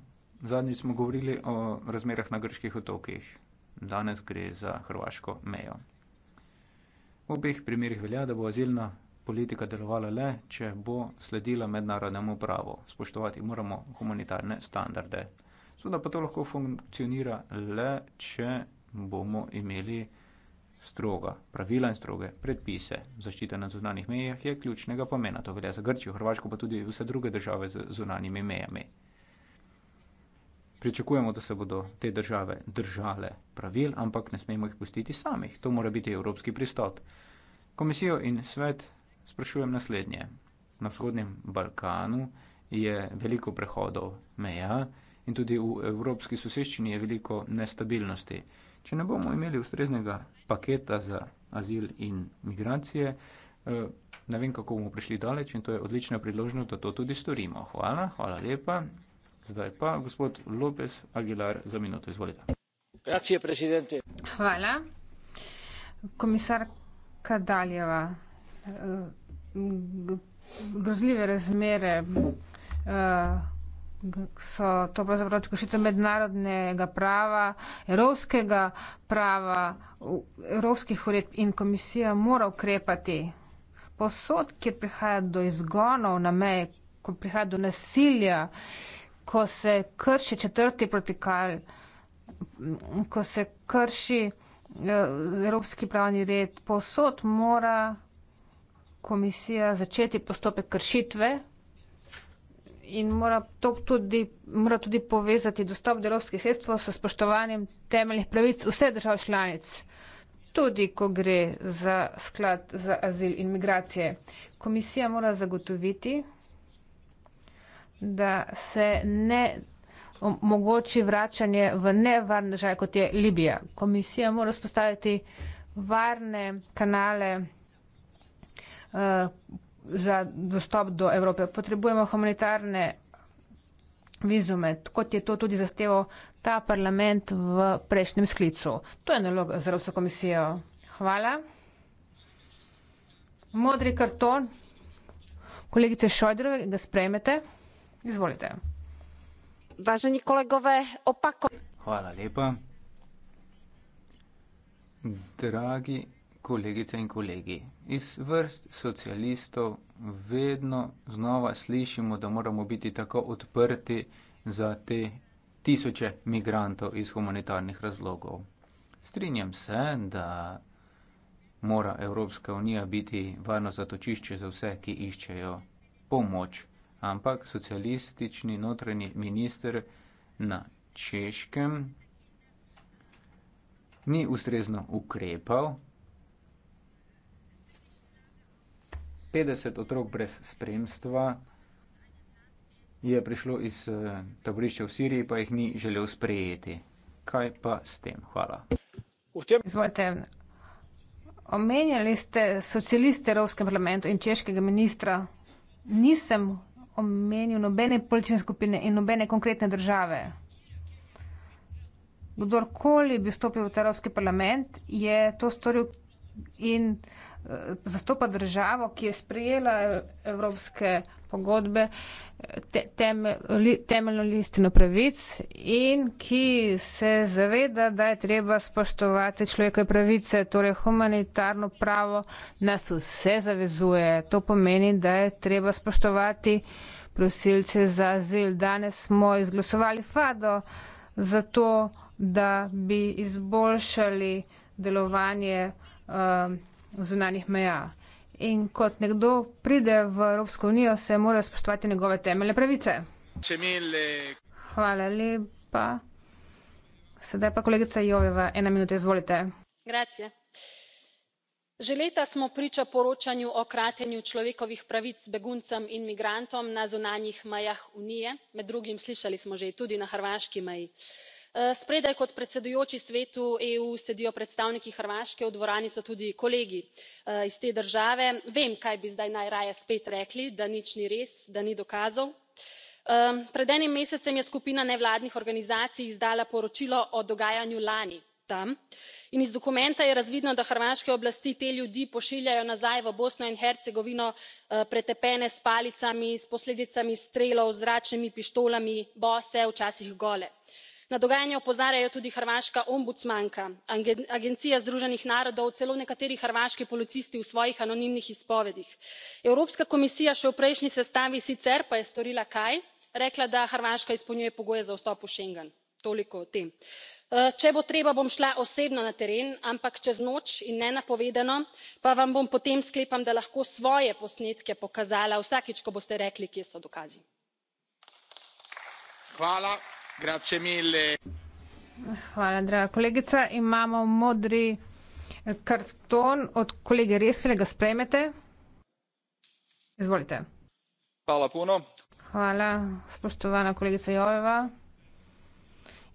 Speaker 4: zadnji smo govorili o razmerah na grških otokih danes gre za hrvaško mejo v obeh primerih velja da bo azilna politika delovala le če bo sledila mednarodnemu pravu spoštovati moramo humanitarne standarde Seveda pa to lahko funkcionira le, če bomo imeli stroga pravila in stroge predpise. Zaščita na zunanih mejah je ključnega pomena. To velja za Grčijo, Hrvaško, pa tudi vse druge države z zunanimi mejami. Pričakujemo, da se bodo te države držale pravil, ampak ne smemo jih pustiti samih. To mora biti evropski pristop. Komisijo in svet sprašujem naslednje. Na vzhodnem Balkanu je veliko prehodov meja in tudi v evropski soseščini je veliko nestabilnosti. Če ne bomo imeli ustreznega paketa za azil in migracije, eh, ne vem, kako bomo prišli daleč in to je odlična priložnost, da to tudi storimo. Hvala, hvala lepa. Zdaj pa gospod Lopez Aguilar za minuto. Izvolite.
Speaker 1: Gracije, predsedente. Hvala. Komisar Kadaljeva, eh, grozljive razmere. Uh, so to pravzaprav kršitev mednarodnega prava, evropskega prava, evropskih uredb in komisija mora ukrepati. Posod, kjer prihaja do izgonov na meje, ko prihaja do nasilja, ko se krši četrti protikal, ko se krši eh, evropski pravni red, posod mora komisija začeti postopek kršitve in mora to tudi, mora tudi povezati dostop delovskih sredstv s spoštovanjem temeljnih pravic vse držav članic, tudi ko gre za sklad za azil in migracije. Komisija mora zagotoviti, da se ne omogoči vračanje v nevarne države, kot je Libija. Komisija mora spostaviti varne kanale eh, za dostop do Evrope. Potrebujemo humanitarne vizume, kot je to tudi zahteval ta parlament v prejšnjem sklicu. To je nalog za Evropsko komisijo. Hvala. Modri karton. Kolegice Šojdrove, ga sprejmete. Izvolite. Važeni kolegove, opako.
Speaker 4: Hvala lepa. Dragi kolegice in kolegi, Iz vrst socialistov vedno znova slišimo, da moramo biti tako odprti za te tisoče migrantov iz humanitarnih razlogov. Strinjam se, da mora Evropska unija biti varno zatočišče za vse, ki iščejo pomoč, ampak socialistični notranji minister na Češkem ni ustrezno ukrepal, 50 otrok brez spremstva je prišlo iz eh, taborišča v Siriji, pa jih ni želel sprejeti. Kaj pa s tem? Hvala.
Speaker 1: Izvolite. Omenjali ste socialiste Evropskem parlamentu in češkega ministra. Nisem omenil nobene politične skupine in nobene konkretne države. Kdorkoli bi vstopil v Evropski parlament, je to storil in uh, Eh, zastopa državo, ki je sprejela evropske pogodbe, temeljno listino pravic in ki se zaveda, da je treba spoštovati človekove pravice, torej humanitarno pravo nas vse zavezuje. To pomeni, da je treba spoštovati prosilce za azil. Danes smo izglasovali fado za to, da bi izboljšali delovanje um, zunanjih meja. In kot nekdo pride v Evropsko unijo, se mora spoštovati njegove temeljne pravice. Hvala lepa. Sedaj pa kolegica Joveva, ena minuta, izvolite.
Speaker 6: Grazie. Že leta smo priča poročanju o kratenju človekovih pravic beguncem in migrantom na zunanjih mejah Unije. Med drugim slišali smo že tudi na hrvaški meji. Eh, spredaj kot predsedujoči svetu eu sedijo predstavniki hrvaške v dvorani so tudi kolegi eh, iz te države vem kaj bi zdaj najraje spet rekli da nič ni res da ni dokazov. pred enim mesecem je skupina nevladnih organizacij izdala poročilo o dogajanju lani tam in iz dokumenta je razvidno da hrvaške oblasti te ljudi pošiljajo nazaj v bosno in hercegovino eh, pretepene s palicami s posledicami strelov z zračnimi pištolami bose včasih gole na dogajanje opozarjajo tudi hrvaška ombudsmanka agencija združenih narodov celo nekateri hrvaški policisti v svojih anonimnih izpovedih. evropska komisija še v prejšnji sestavi sicer pa je storila kaj? rekla da hrvaška izpolnjuje pogoje za vstop v schengen. toliko o tem. E, če bo treba bom šla osebno na teren ampak čez noč in nenapovedano pa vam bom potem sklepam da lahko svoje posnetke pokazala vsakič ko boste rekli kje so dokazi.
Speaker 2: Hvala,
Speaker 1: draga kolegica. Imamo modri karton od kolege Resfile, ga sprejmete? Izvolite. Hvala puno. Hvala, spoštovana kolegica Jojeva.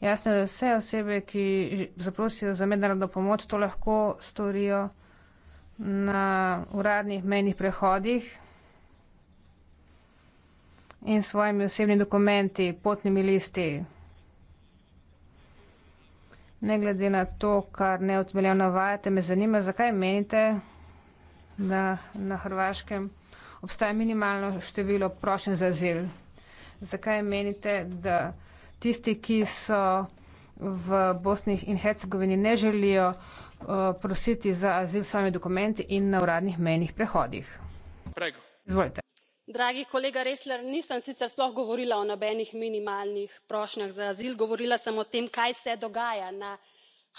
Speaker 1: Jasno je, da vse osebe, ki zaprosijo za mednarodno pomoč, to lahko storijo na uradnih mejnih prehodih, in svojimi osebnimi dokumenti, potnimi listi. Ne glede na to, kar neodmeljeno navajate, me zanima, zakaj menite, da na Hrvaškem obstaja minimalno število prošen za azil. Zakaj menite, da tisti, ki so v Bosni in Hercegovini, ne želijo uh, prositi za azil s svojimi dokumenti in na uradnih menjih prehodih? Prego. Izvolite
Speaker 6: dragi kolega resler nisem sicer sploh govorila o nobenih minimalnih prošnjah za azil govorila sem o tem kaj se dogaja na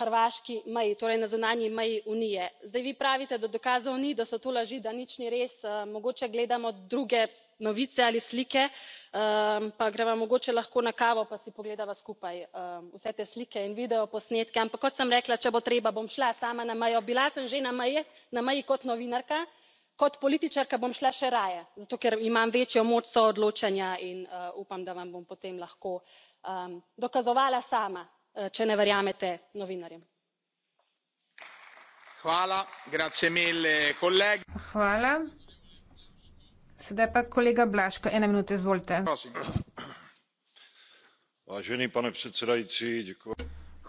Speaker 6: hrvaški meji torej na zunanji meji unije. zdaj vi pravite da dokazov ni da so to laži da nič ni res eh, mogoče gledamo druge novice ali slike eh, pa greva mogoče lahko na kavo pa si pogledava skupaj eh, vse te slike in videoposnetke ampak kot sem rekla če bo treba bom šla sama na mejo bila sem že na meji kot novinarka kot političarka bom šla še raje zato ker imam večjo moč soodločanja in eh, upam da vam bom potem lahko ehm, dokazovala sama eh, če ne verjamete novinarjem.
Speaker 5: vážený pane predsedajúci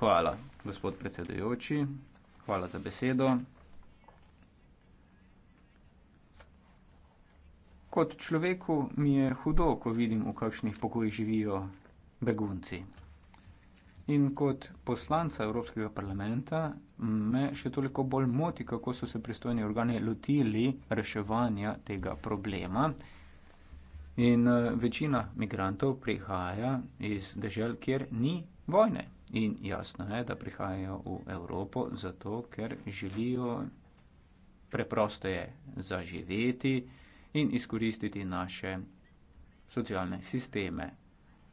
Speaker 4: hvala gospod predsedujoči hvala za besedo. Kot človeku mi je hudo, ko vidim, v kakšnih pokojih živijo begunci. In kot poslanca Evropskega parlamenta me še toliko bolj moti, kako so se pristojni organi lotili reševanja tega problema. In eh, večina migrantov prihaja iz dežel, kjer ni vojne. In jasno je, da prihajajo v Evropo zato, ker želijo preprosto je zaživeti, in izkoristiti naše socialne sisteme.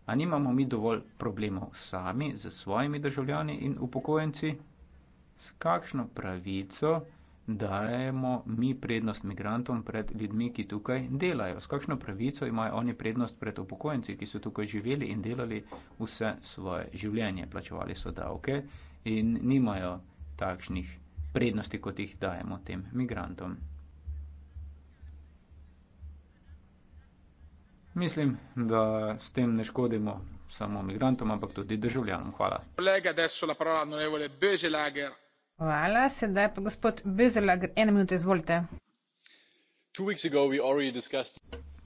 Speaker 4: A nimamo mi dovolj problemov sami z svojimi državljani in upokojenci? S kakšno pravico dajemo mi prednost migrantom pred ljudmi, ki tukaj delajo? S kakšno pravico imajo oni prednost pred upokojenci, ki so tukaj živeli in delali vse svoje življenje, plačevali so davke in nimajo takšnih prednosti, kot jih dajemo tem migrantom? Mislim, da s tem ne škodimo samo migrantom, ampak tudi državljanom. Hvala.
Speaker 1: Hvala, sedaj pa gospod Bezelager, ena minuta, izvolite.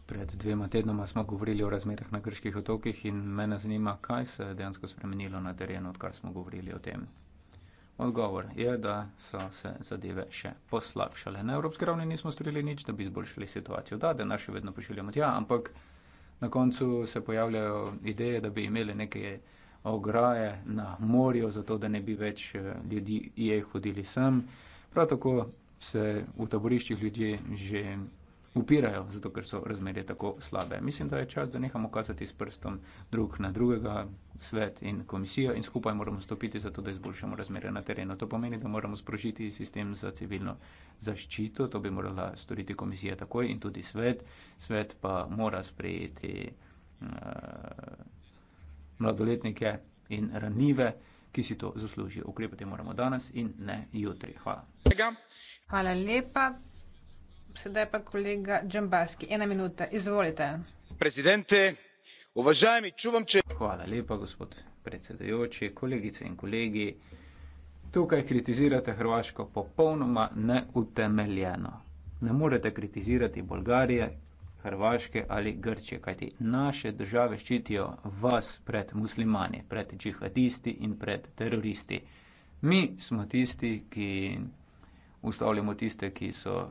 Speaker 4: Pred dvema tednoma smo govorili o razmerah na grških otokih in mene zanima, kaj se je dejansko spremenilo na terenu, odkar smo govorili o tem. Odgovor je, da so se zadeve še poslabšale. Na evropski ravni nismo storili nič, da bi izboljšali situacijo. Da, denar še vedno pošiljamo tja, ampak na koncu se pojavljajo ideje, da bi imeli neke ograje na morju, zato da ne bi več eh, ljudi jej hodili sem. Prav tako se v taboriščih ljudje že upirajo, zato ker so razmerje tako slabe. Mislim, da je čas, da nehamo kazati s prstom drug na drugega, svet in komisijo in skupaj moramo stopiti zato, da izboljšamo razmerje na terenu. To pomeni, da moramo sprožiti sistem za civilno zaščito, to bi morala storiti komisija takoj in tudi svet. Svet pa mora sprejeti uh, mladoletnike in ranive, ki si to zaslužijo. Ukrepati moramo danes in ne jutri. Hvala.
Speaker 1: Hvala lepa
Speaker 4: gospod predsedujoči kolegice in kolegi tukaj kritizirate hrvaško popolnoma neutemeljeno ne morete kritizirati bolgarije hrvaške ali grčije kajti naše države ščitijo vas pred muslimani pred džihadisti in pred teroristi mi smo tisti ki ustavljamo tiste ki so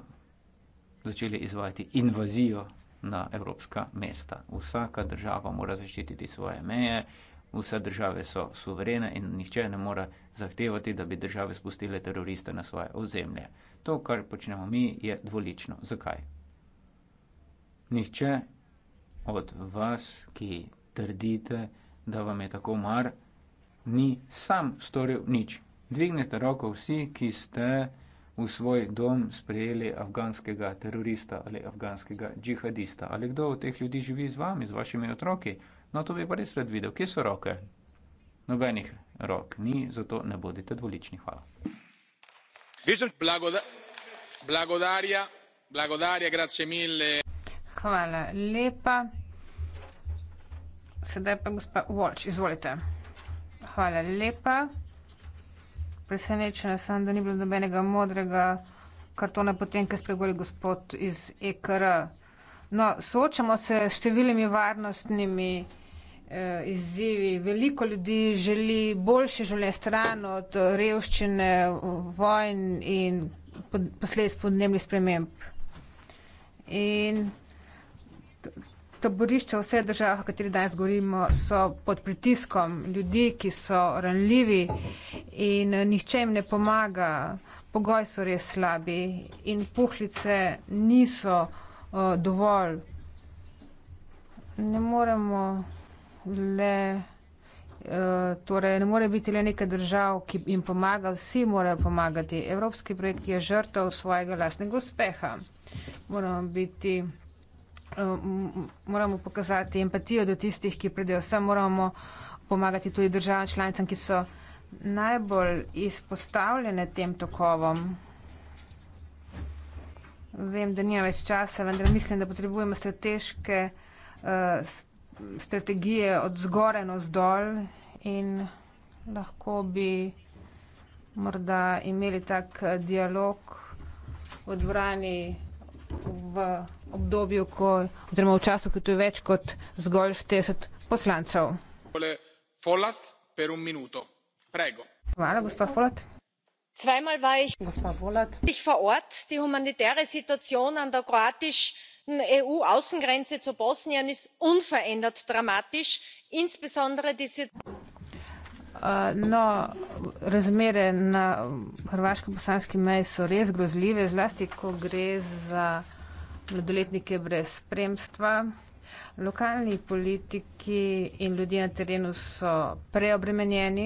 Speaker 4: začeli izvajati invazijo na evropska mesta. Vsaka država mora zaščititi svoje meje, vse države so suverene in nihče ne more zahtevati, da bi države spustile teroriste na svoje ozemlje. To, kar počnemo mi, je dvolično. Zakaj? Nihče od vas, ki trdite, da vam je tako mar, ni sam storil nič. Dvignete roko vsi, ki ste v svoj dom sprejeli afganskega terorista ali afganskega džihadista. Ali kdo od teh ljudi živi z vami, z vašimi otroki? No, to bi pa res rad videl. Kje so roke? Nobenih rok ni, zato ne bodite dvolični. Hvala.
Speaker 1: Hvala lepa. Sedaj pa gospa Walsh, izvolite. Hvala lepa presenečena sem, da ni bilo nobenega modrega kartona potem, ker spregovori gospod iz EKR. No, soočamo se s številnimi varnostnimi eh, izzivi. Veliko ljudi želi boljše življenje stran od revščine, vojn in posledic podnebnih sprememb. In taborišča v vseh državah, o katerih danes govorimo, so pod pritiskom ljudi, ki so ranljivi in nihče jim ne pomaga. Pogoji so res slabi in puhlice niso uh, dovolj. Ne moremo le. Eh, torej, ne more biti le nekaj držav, ki jim pomaga, vsi morajo pomagati. Evropski projekt je žrtev svojega lastnega uspeha. Moramo biti Eh, moramo pokazati empatijo do tistih, ki pridejo sem, moramo pomagati tudi državam članicam, ki so najbolj izpostavljene tem tokovom. Vem, da nima več časa, vendar mislim, da potrebujemo strateške uh, strategije od zgore na vzdolj in lahko bi morda imeli tak eh, dialog v dvorani v obdobju, ko, oziroma v času, ko tu je več kot zgolj 40 poslancev. Hvala, gospa Folat. Zweimal war ich, ich vor Ort. Die humanitäre Situation an der kroatischen EU-Außengrenze zu Bosnien ist unverändert dramatisch, insbesondere die äh, No, razmere na hrvaško-bosanski meji so res grozljive, zlasti ko gre za mladoletnike brez spremstva. Lokalni politiki in ljudje na terenu so preobremenjeni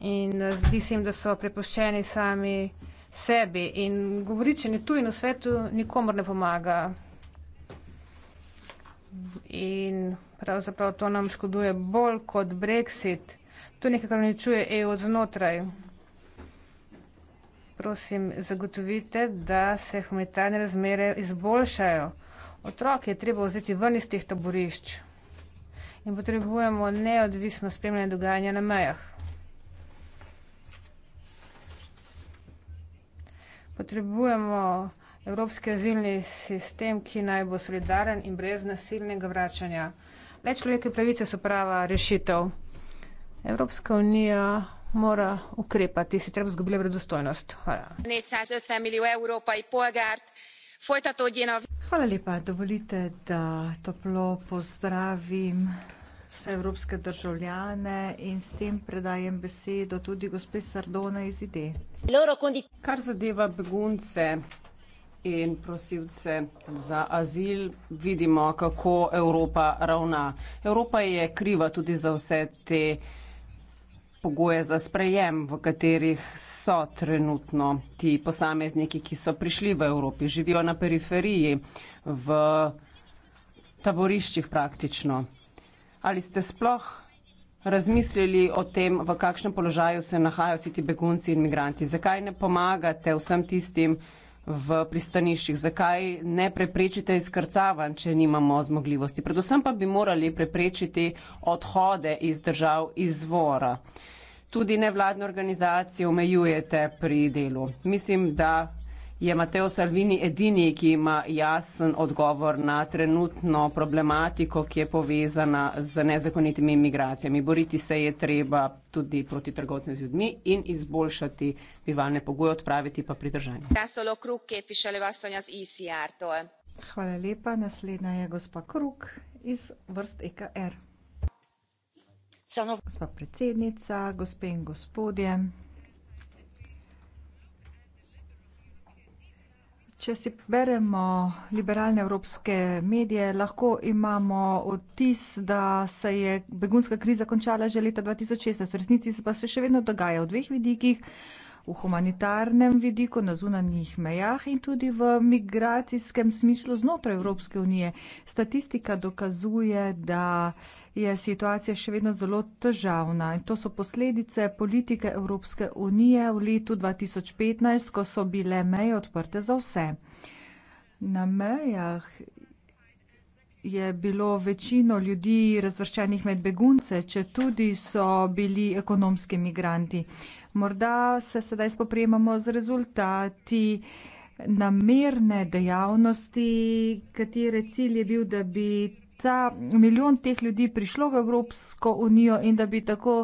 Speaker 1: in zdi se jim, da so prepuščeni sami sebi in govoričenje tu in v svetu nikomor ne pomaga. In pravzaprav to nam škoduje bolj kot Brexit. To nekaj, kar uničuje EU od znotraj prosim, zagotovite, da se humanitarne razmere izboljšajo. Otroke je treba vzeti ven iz teh taborišč in potrebujemo neodvisno spremljanje dogajanja na mejah. Potrebujemo evropski azilni sistem, ki naj bo solidaren in brez nasilnega vračanja. Le človekove pravice so prava rešitev. Evropska unija mora ukrepati sicer bomo izgubili verodostojnost. hvala lepa dovolite da toplo
Speaker 7: pozdravim vse evropske državljane in s tem predajem
Speaker 5: besedo tudi gospe sardone iz ide. kar zadeva begunce in prosilce za azil vidimo kako evropa ravna. evropa je kriva tudi za vse te pogoje za sprejem, v katerih so trenutno ti posamezniki, ki so prišli v Evropi, živijo na periferiji, v taboriščih praktično. Ali ste sploh razmislili o tem, v kakšnem položaju se nahajajo vsi ti begunci in imigranti? Zakaj ne pomagate vsem tistim, ki v pristaniščih. Zakaj ne preprečite izkrcavan, če nimamo zmogljivosti? Predvsem pa bi morali preprečiti odhode iz držav izvora. Tudi nevladne organizacije omejujete pri delu. Mislim, da Je Mateo Salvini edini, ki ima jasen odgovor na trenutno problematiko, ki je povezana z nezakonitimi imigracijami. Boriti se je treba tudi proti trgovcem z ljudmi in izboljšati bivalne pogoje, odpraviti pa pridržanje. E Hvala
Speaker 7: lepa. Naslednja je gospa Kruk iz vrst EKR. Gospa predsednica, gospe in gospodje. Če si beremo liberalne evropske medije, lahko imamo odtis, da se je begunska kriza končala že leta 2016, v resnici se pa se še vedno dogaja v dveh vidikih v humanitarnem vidiku na zunanjih mejah in tudi v migracijskem smislu znotraj Evropske unije. Statistika dokazuje, da je situacija še vedno zelo težavna in to so posledice politike Evropske unije v letu 2015, ko so bile meje odprte za vse. Na mejah je bilo večino ljudi razvrščenih med begunce, če tudi so bili ekonomski migranti. Morda se sedaj spoprijemamo z rezultati namerne dejavnosti, katere cilj je bil, da bi ta milijon teh ljudi prišlo v Evropsko unijo in da bi tako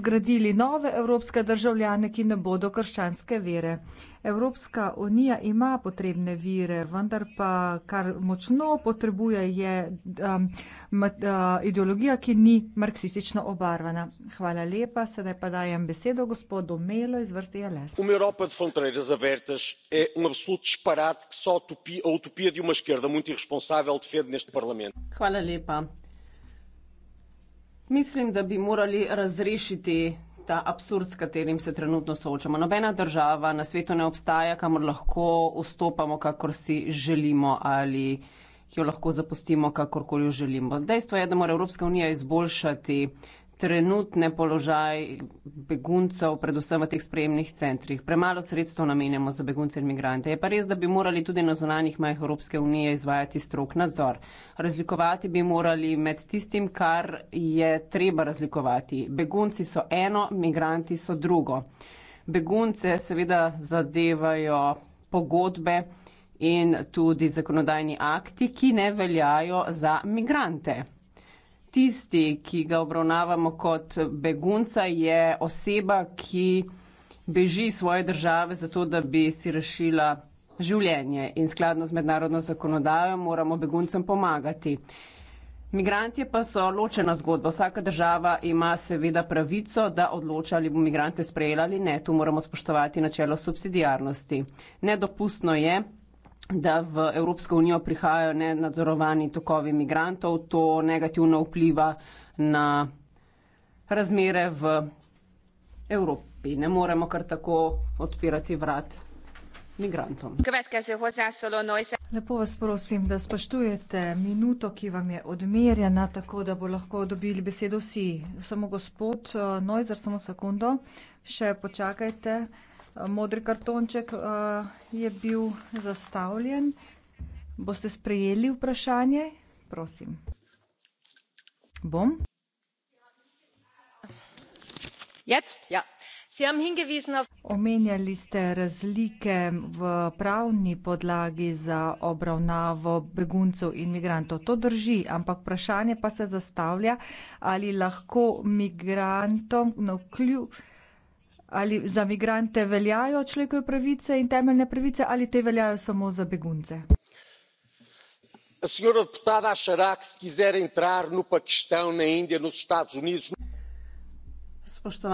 Speaker 7: zgradili nove evropske državljane, ki ne bodo krščanske vere. Evropska unija ima potrebne vire, vendar pa kar močno potrebuje je um, mat, uh, ideologija, ki ni marksistično obarvana. Hvala lepa, sedaj pa dajem besedo gospodu Melo iz vrste JLS.
Speaker 2: Uma Europa de fronteiras abertas je um absoluto disparate, ki so utopija, utopija de uma esquerda muito irresponsável defende neste parlamento.
Speaker 5: Hvala lepa. Mislim, da bi morali razrešiti ta absurd, s katerim se trenutno soočamo. Nobena država na svetu ne obstaja, kamor lahko vstopamo, kakor si želimo ali jo lahko zapustimo, kakorkoli jo želimo. Dejstvo je, da mora Evropska unija izboljšati trenutne položaj beguncev, predvsem v teh sprejemnih centrih. Premalo sredstev namenjamo za begunce in migrante. Je pa res, da bi morali tudi na zunanjih majh Evropske unije izvajati strok nadzor. Razlikovati bi morali med tistim, kar je treba razlikovati. Begunci so eno, migranti so drugo. Begunce seveda zadevajo pogodbe in tudi zakonodajni akti, ki ne veljajo za migrante tisti, ki ga obravnavamo kot begunca, je oseba, ki beži svoje države zato, da bi si rešila življenje in skladno z mednarodno zakonodajo moramo beguncem pomagati. Migrantje pa so ločena zgodba. Vsaka država ima seveda pravico, da odloča, ali bo migrante sprejela ali ne. Tu moramo spoštovati načelo subsidijarnosti. Nedopustno je, da v Evropsko unijo prihajajo nenadzorovani tokovi migrantov. To negativno vpliva na razmere v Evropi. Ne moremo kar tako odpirati vrat migrantom.
Speaker 7: Lepo vas prosim, da spoštujete minuto, ki vam je odmerjena, tako da bo lahko dobili besedo vsi. Samo gospod eh, Nojzer, samo sekundo, še počakajte. Modri kartonček eh, je bil zastavljen. Boste sprejeli vprašanje? Prosim. Bom. Ja. Omenjali ste razlike v pravni podlagi za obravnavo beguncev in migrantov. To drži, ampak vprašanje pa se zastavlja, ali lahko migrantom na vkljub ali za migrante veljajo človekove pravice in temeljne pravice ali te veljajo samo za begunce?
Speaker 3: No
Speaker 2: no
Speaker 7: spoštovana predsednica hvala za vprašanje.